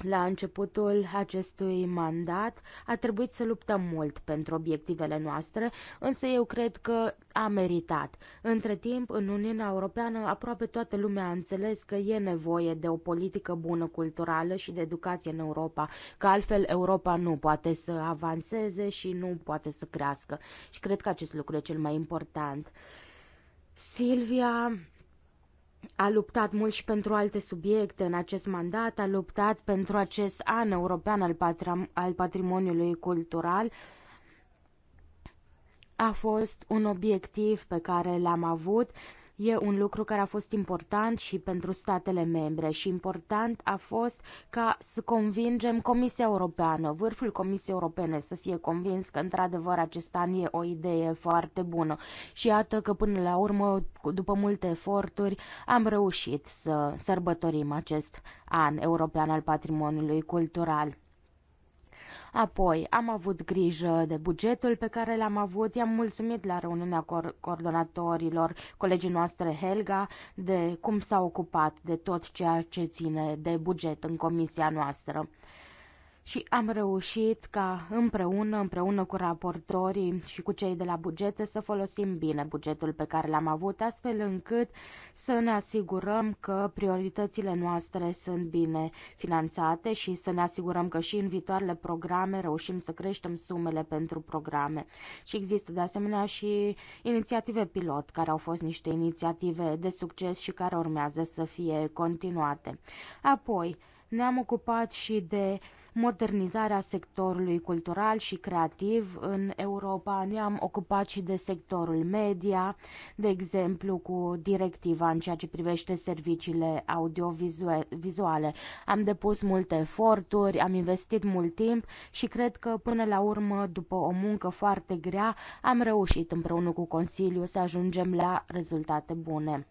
La începutul acestui mandat a trebuit să luptăm mult pentru obiectivele noastre, însă eu cred că a meritat. Între timp, în Uniunea Europeană, aproape toată lumea a înțeles că e nevoie de o politică bună culturală și de educație în Europa, că altfel Europa nu poate să avanseze și nu poate să crească. Și cred că acest lucru e cel mai important. Silvia a luptat mult și pentru alte subiecte în acest mandat, a luptat pentru acest an european al, patram, al patrimoniului cultural. A fost un obiectiv pe care l-am avut E un lucru care a fost important și pentru statele membre și important a fost ca să convingem Comisia Europeană, vârful Comisiei Europene să fie convins că într-adevăr acest an e o idee foarte bună. Și iată că până la urmă, după multe eforturi, am reușit să sărbătorim acest an european al patrimoniului cultural. Apoi, am avut grijă de bugetul pe care l-am avut. I-am mulțumit la reuniunea co- coordonatorilor, colegii noastre Helga, de cum s-a ocupat de tot ceea ce ține de buget în comisia noastră și am reușit ca împreună, împreună cu raportorii și cu cei de la bugete să folosim bine bugetul pe care l-am avut, astfel încât să ne asigurăm că prioritățile noastre sunt bine finanțate și să ne asigurăm că și în viitoarele programe reușim să creștem sumele pentru programe. Și există de asemenea și inițiative pilot, care au fost niște inițiative de succes și care urmează să fie continuate. Apoi, ne-am ocupat și de modernizarea sectorului cultural și creativ în Europa. Ne-am ocupat și de sectorul media, de exemplu cu directiva în ceea ce privește serviciile audiovizuale. Am depus multe eforturi, am investit mult timp și cred că până la urmă, după o muncă foarte grea, am reușit împreună cu Consiliu să ajungem la rezultate bune.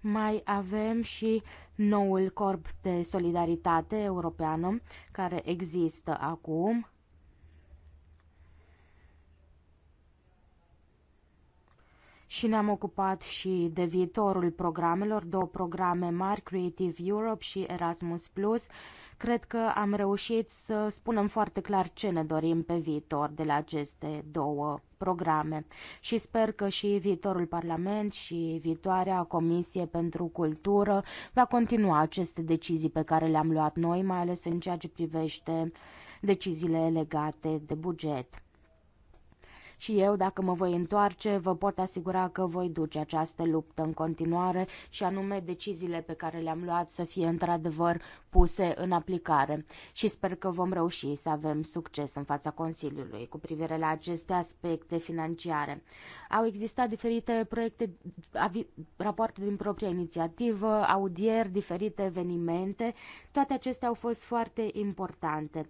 Mai avem și noul corp de solidaritate europeană care există acum. Și ne-am ocupat și de viitorul programelor, două programe mari, Creative Europe și Erasmus+, Cred că am reușit să spunem foarte clar ce ne dorim pe viitor de la aceste două programe și sper că și viitorul Parlament și viitoarea Comisie pentru Cultură va continua aceste decizii pe care le-am luat noi, mai ales în ceea ce privește deciziile legate de buget și eu, dacă mă voi întoarce, vă pot asigura că voi duce această luptă în continuare și anume deciziile pe care le-am luat să fie într-adevăr puse în aplicare și sper că vom reuși să avem succes în fața Consiliului cu privire la aceste aspecte financiare. Au existat diferite proiecte, rapoarte din propria inițiativă, audieri, diferite evenimente, toate acestea au fost foarte importante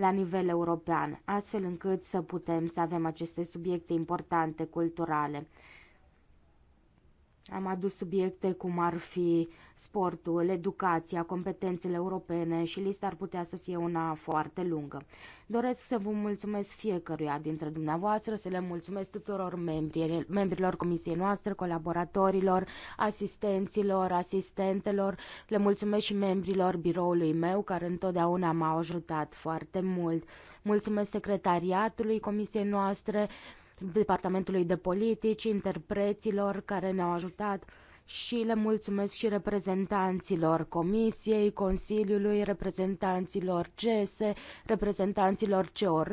la nivel european, astfel încât să putem să avem aceste subiecte importante culturale. Am adus subiecte cum ar fi sportul, educația, competențele europene și lista ar putea să fie una foarte lungă. Doresc să vă mulțumesc fiecăruia dintre dumneavoastră, să le mulțumesc tuturor membrilor comisiei noastre, colaboratorilor, asistenților, asistentelor, le mulțumesc și membrilor biroului meu care întotdeauna m-au ajutat foarte mult. Mulțumesc secretariatului comisiei noastre, Departamentului de Politici, interpreților care ne-au ajutat și le mulțumesc și reprezentanților Comisiei, Consiliului, reprezentanților CESE, reprezentanților COR,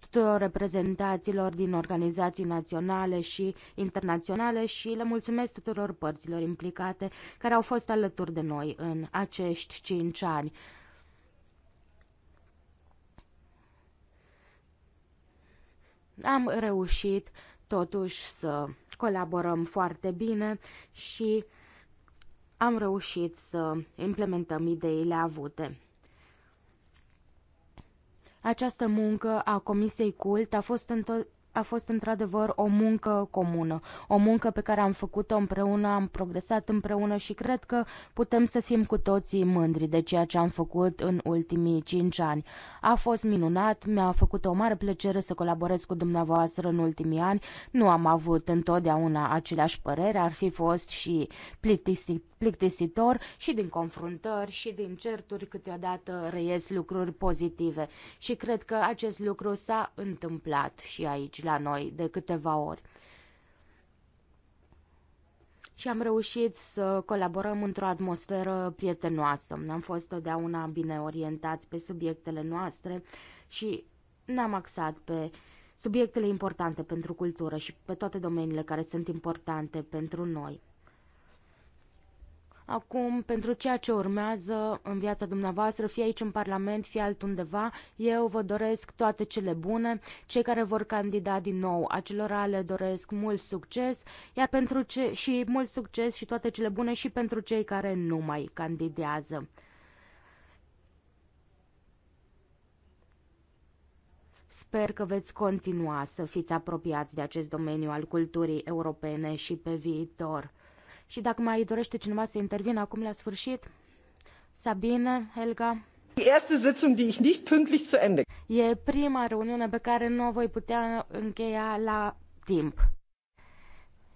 tuturor reprezentanților din organizații naționale și internaționale și le mulțumesc tuturor părților implicate care au fost alături de noi în acești cinci ani. Am reușit totuși să colaborăm foarte bine și am reușit să implementăm ideile avute. Această muncă a Comisiei Cult a fost, a fost într-adevăr o muncă comună, o muncă pe care am făcut-o împreună, am progresat împreună și cred că putem să fim cu toții mândri de ceea ce am făcut în ultimii cinci ani. A fost minunat, mi-a făcut o mare plăcere să colaborez cu dumneavoastră în ultimii ani, nu am avut întotdeauna aceleași păreri, ar fi fost și plictisit plictisitor și din confruntări și din certuri câteodată reies lucruri pozitive. Și cred că acest lucru s-a întâmplat și aici la noi de câteva ori și am reușit să colaborăm într-o atmosferă prietenoasă. Am fost totdeauna bine orientați pe subiectele noastre și ne-am axat pe subiectele importante pentru cultură și pe toate domeniile care sunt importante pentru noi. Acum, pentru ceea ce urmează în viața dumneavoastră, fie aici în Parlament, fie altundeva, eu vă doresc toate cele bune. Cei care vor candida din nou, acelora le doresc mult succes, iar pentru ce, și mult succes și toate cele bune și pentru cei care nu mai candidează. Sper că veți continua să fiți apropiați de acest domeniu al culturii europene și pe viitor. Și dacă mai dorește cineva să intervină acum la sfârșit, Sabine, Helga. E prima reuniune pe care nu o voi putea încheia la timp.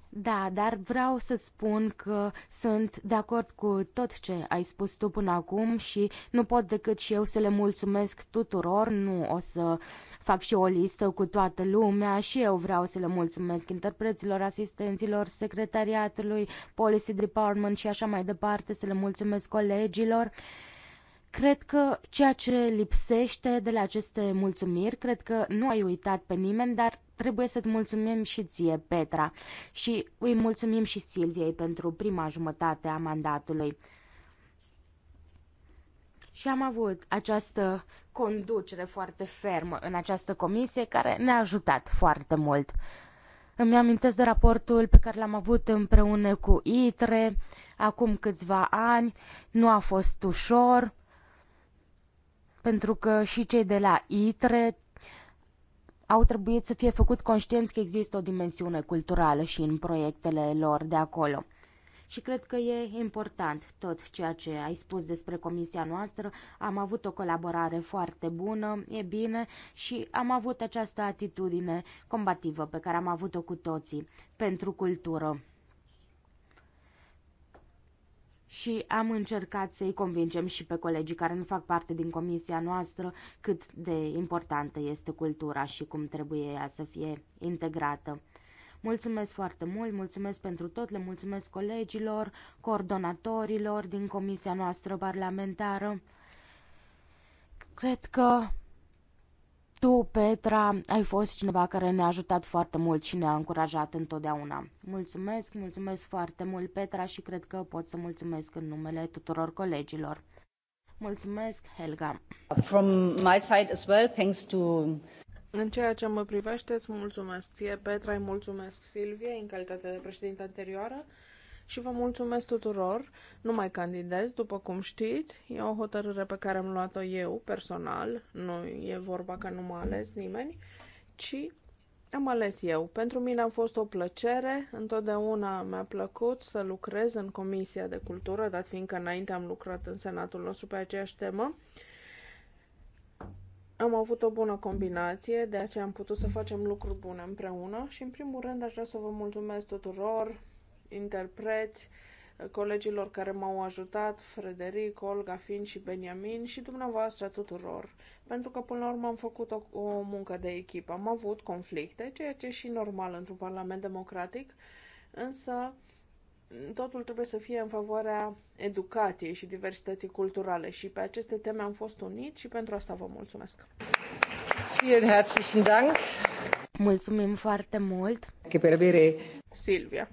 Da, dar vreau să spun că sunt de acord cu tot ce ai spus tu până acum și nu pot decât și eu să le mulțumesc tuturor, nu o să Fac și o listă cu toată lumea și eu vreau să le mulțumesc interpreților, asistenților, secretariatului, Policy Department și așa mai departe, să le mulțumesc colegilor. Cred că ceea ce lipsește de la aceste mulțumiri, cred că nu ai uitat pe nimeni, dar trebuie să-ți mulțumim și ție, Petra, și îi mulțumim și Silviei pentru prima jumătate a mandatului. Și am avut această conducere foarte fermă în această comisie care ne-a ajutat foarte mult. Îmi amintesc de raportul pe care l-am avut împreună cu ITRE acum câțiva ani. Nu a fost ușor, pentru că și cei de la ITRE au trebuit să fie făcut conștienți că există o dimensiune culturală și în proiectele lor de acolo și cred că e important tot ceea ce ai spus despre comisia noastră. Am avut o colaborare foarte bună, e bine și am avut această atitudine combativă pe care am avut-o cu toții pentru cultură și am încercat să-i convingem și pe colegii care nu fac parte din comisia noastră cât de importantă este cultura și cum trebuie ea să fie integrată. Mulțumesc foarte mult, mulțumesc pentru tot, le mulțumesc colegilor, coordonatorilor din comisia noastră parlamentară. Cred că tu, Petra, ai fost cineva care ne-a ajutat foarte mult și ne-a încurajat întotdeauna. Mulțumesc, mulțumesc foarte mult, Petra, și cred că pot să mulțumesc în numele tuturor colegilor. Mulțumesc, Helga. From my side as well, thanks to în ceea ce mă privește, îți mulțumesc ție, Petra, îi mulțumesc Silvie, în calitate de președinte anterioară și vă mulțumesc tuturor. Nu mai candidez, după cum știți. E o hotărâre pe care am luat-o eu, personal. Nu e vorba că nu m-a ales nimeni, ci am ales eu. Pentru mine a fost o plăcere. Întotdeauna mi-a plăcut să lucrez în Comisia de Cultură, dat fiindcă înainte am lucrat în Senatul nostru pe aceeași temă. Am avut o bună combinație, de aceea am putut să facem lucruri bune împreună și, în primul rând, aș vrea să vă mulțumesc tuturor, interpreți, colegilor care m-au ajutat, Frederic, Olga, Fin și Benjamin și dumneavoastră tuturor, pentru că până la urmă am făcut o, o muncă de echipă. Am avut conflicte, ceea ce e și normal într-un parlament democratic, însă totul trebuie să fie în favoarea educației și diversității culturale și pe aceste teme am fost unit și pentru asta vă mulțumesc. Vielen herzlichen Dank. Mulțumim foarte mult. Silvia.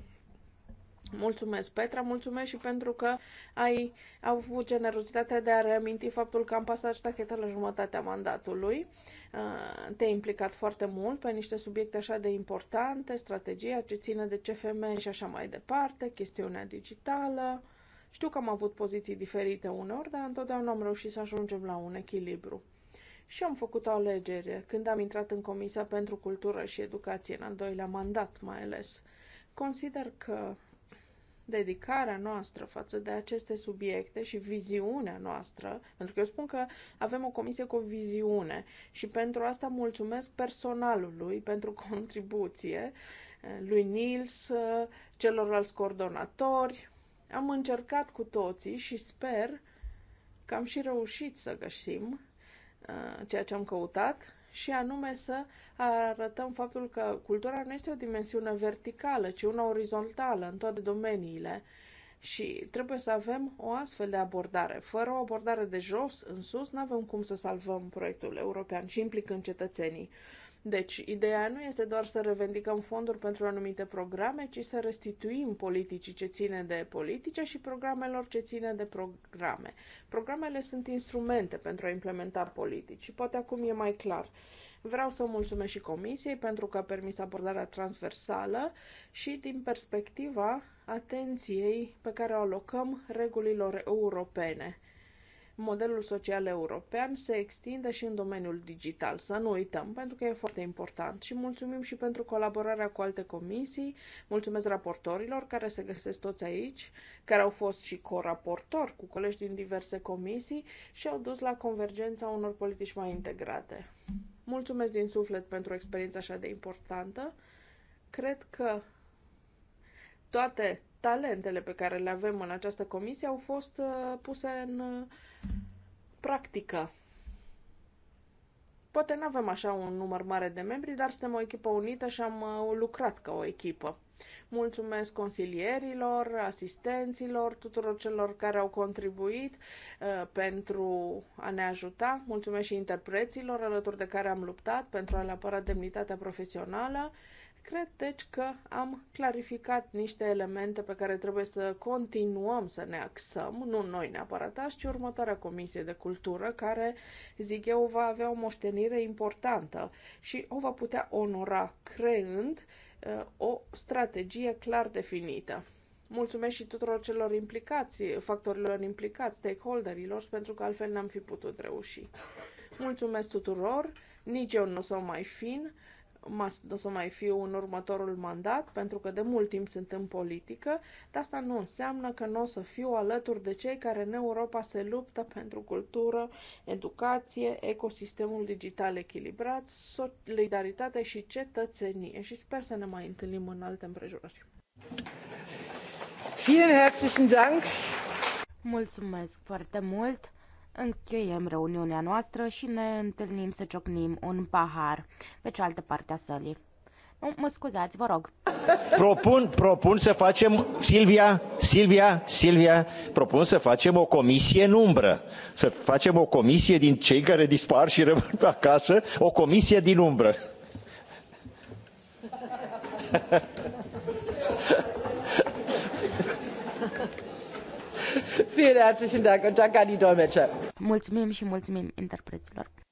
Mulțumesc, Petra, mulțumesc și pentru că ai avut generozitatea de a reaminti faptul că am pasat ștacheta la jumătatea mandatului. Uh, te-ai implicat foarte mult pe niște subiecte așa de importante, strategia ce ține de CFM și așa mai departe, chestiunea digitală. Știu că am avut poziții diferite uneori, dar întotdeauna am reușit să ajungem la un echilibru. Și am făcut o alegere când am intrat în Comisia pentru Cultură și Educație, în al doilea mandat mai ales. Consider că dedicarea noastră față de aceste subiecte și viziunea noastră, pentru că eu spun că avem o comisie cu o viziune și pentru asta mulțumesc personalului pentru contribuție, lui Nils, celorlalți coordonatori. Am încercat cu toții și sper că am și reușit să găsim uh, ceea ce am căutat și anume să arătăm faptul că cultura nu este o dimensiune verticală, ci una orizontală în toate domeniile. Și trebuie să avem o astfel de abordare. Fără o abordare de jos în sus, nu avem cum să salvăm proiectul european și implicând cetățenii. Deci, ideea nu este doar să revendicăm fonduri pentru anumite programe, ci să restituim politicii ce ține de politice și programelor ce ține de programe. Programele sunt instrumente pentru a implementa politici și poate acum e mai clar. Vreau să mulțumesc și Comisiei pentru că a permis abordarea transversală și din perspectiva atenției pe care o alocăm regulilor europene modelul social european se extindă și în domeniul digital. Să nu uităm, pentru că e foarte important. Și mulțumim și pentru colaborarea cu alte comisii. Mulțumesc raportorilor care se găsesc toți aici, care au fost și coraportori cu colegi din diverse comisii și au dus la convergența unor politici mai integrate. Mulțumesc din suflet pentru o experiență așa de importantă. Cred că toate talentele pe care le avem în această comisie au fost uh, puse în uh, practică. Poate nu avem așa un număr mare de membri, dar suntem o echipă unită și am uh, lucrat ca o echipă. Mulțumesc consilierilor, asistenților, tuturor celor care au contribuit uh, pentru a ne ajuta. Mulțumesc și interpreților alături de care am luptat pentru a le apăra demnitatea profesională. Uh, Cred, deci, că am clarificat niște elemente pe care trebuie să continuăm să ne axăm, nu noi neapărat azi, ci următoarea Comisie de Cultură, care, zic eu, va avea o moștenire importantă și o va putea onora creând uh, o strategie clar definită. Mulțumesc și tuturor celor implicați, factorilor implicați, stakeholderilor, pentru că altfel n-am fi putut reuși. Mulțumesc tuturor, nici eu nu o mai fin o să mai fiu în următorul mandat, pentru că de mult timp sunt în politică, dar asta nu înseamnă că nu o să fiu alături de cei care în Europa se luptă pentru cultură, educație, ecosistemul digital echilibrat, solidaritate și cetățenie și sper să ne mai întâlnim în alte împrejurări. Vielen herzlichen Dank! Mulțumesc foarte mult! Încheiem reuniunea noastră și ne întâlnim să ciocnim un pahar pe cealaltă parte a sălii. Mă scuzați, vă rog. Propun, propun să facem, Silvia, Silvia, Silvia, propun să facem o comisie în umbră. Să facem o comisie din cei care dispar și rămân pe acasă, o comisie din umbră. Vielen herzlichen Dank und danke an die Dolmetscher. Mulțumim și mulțumim interpreților.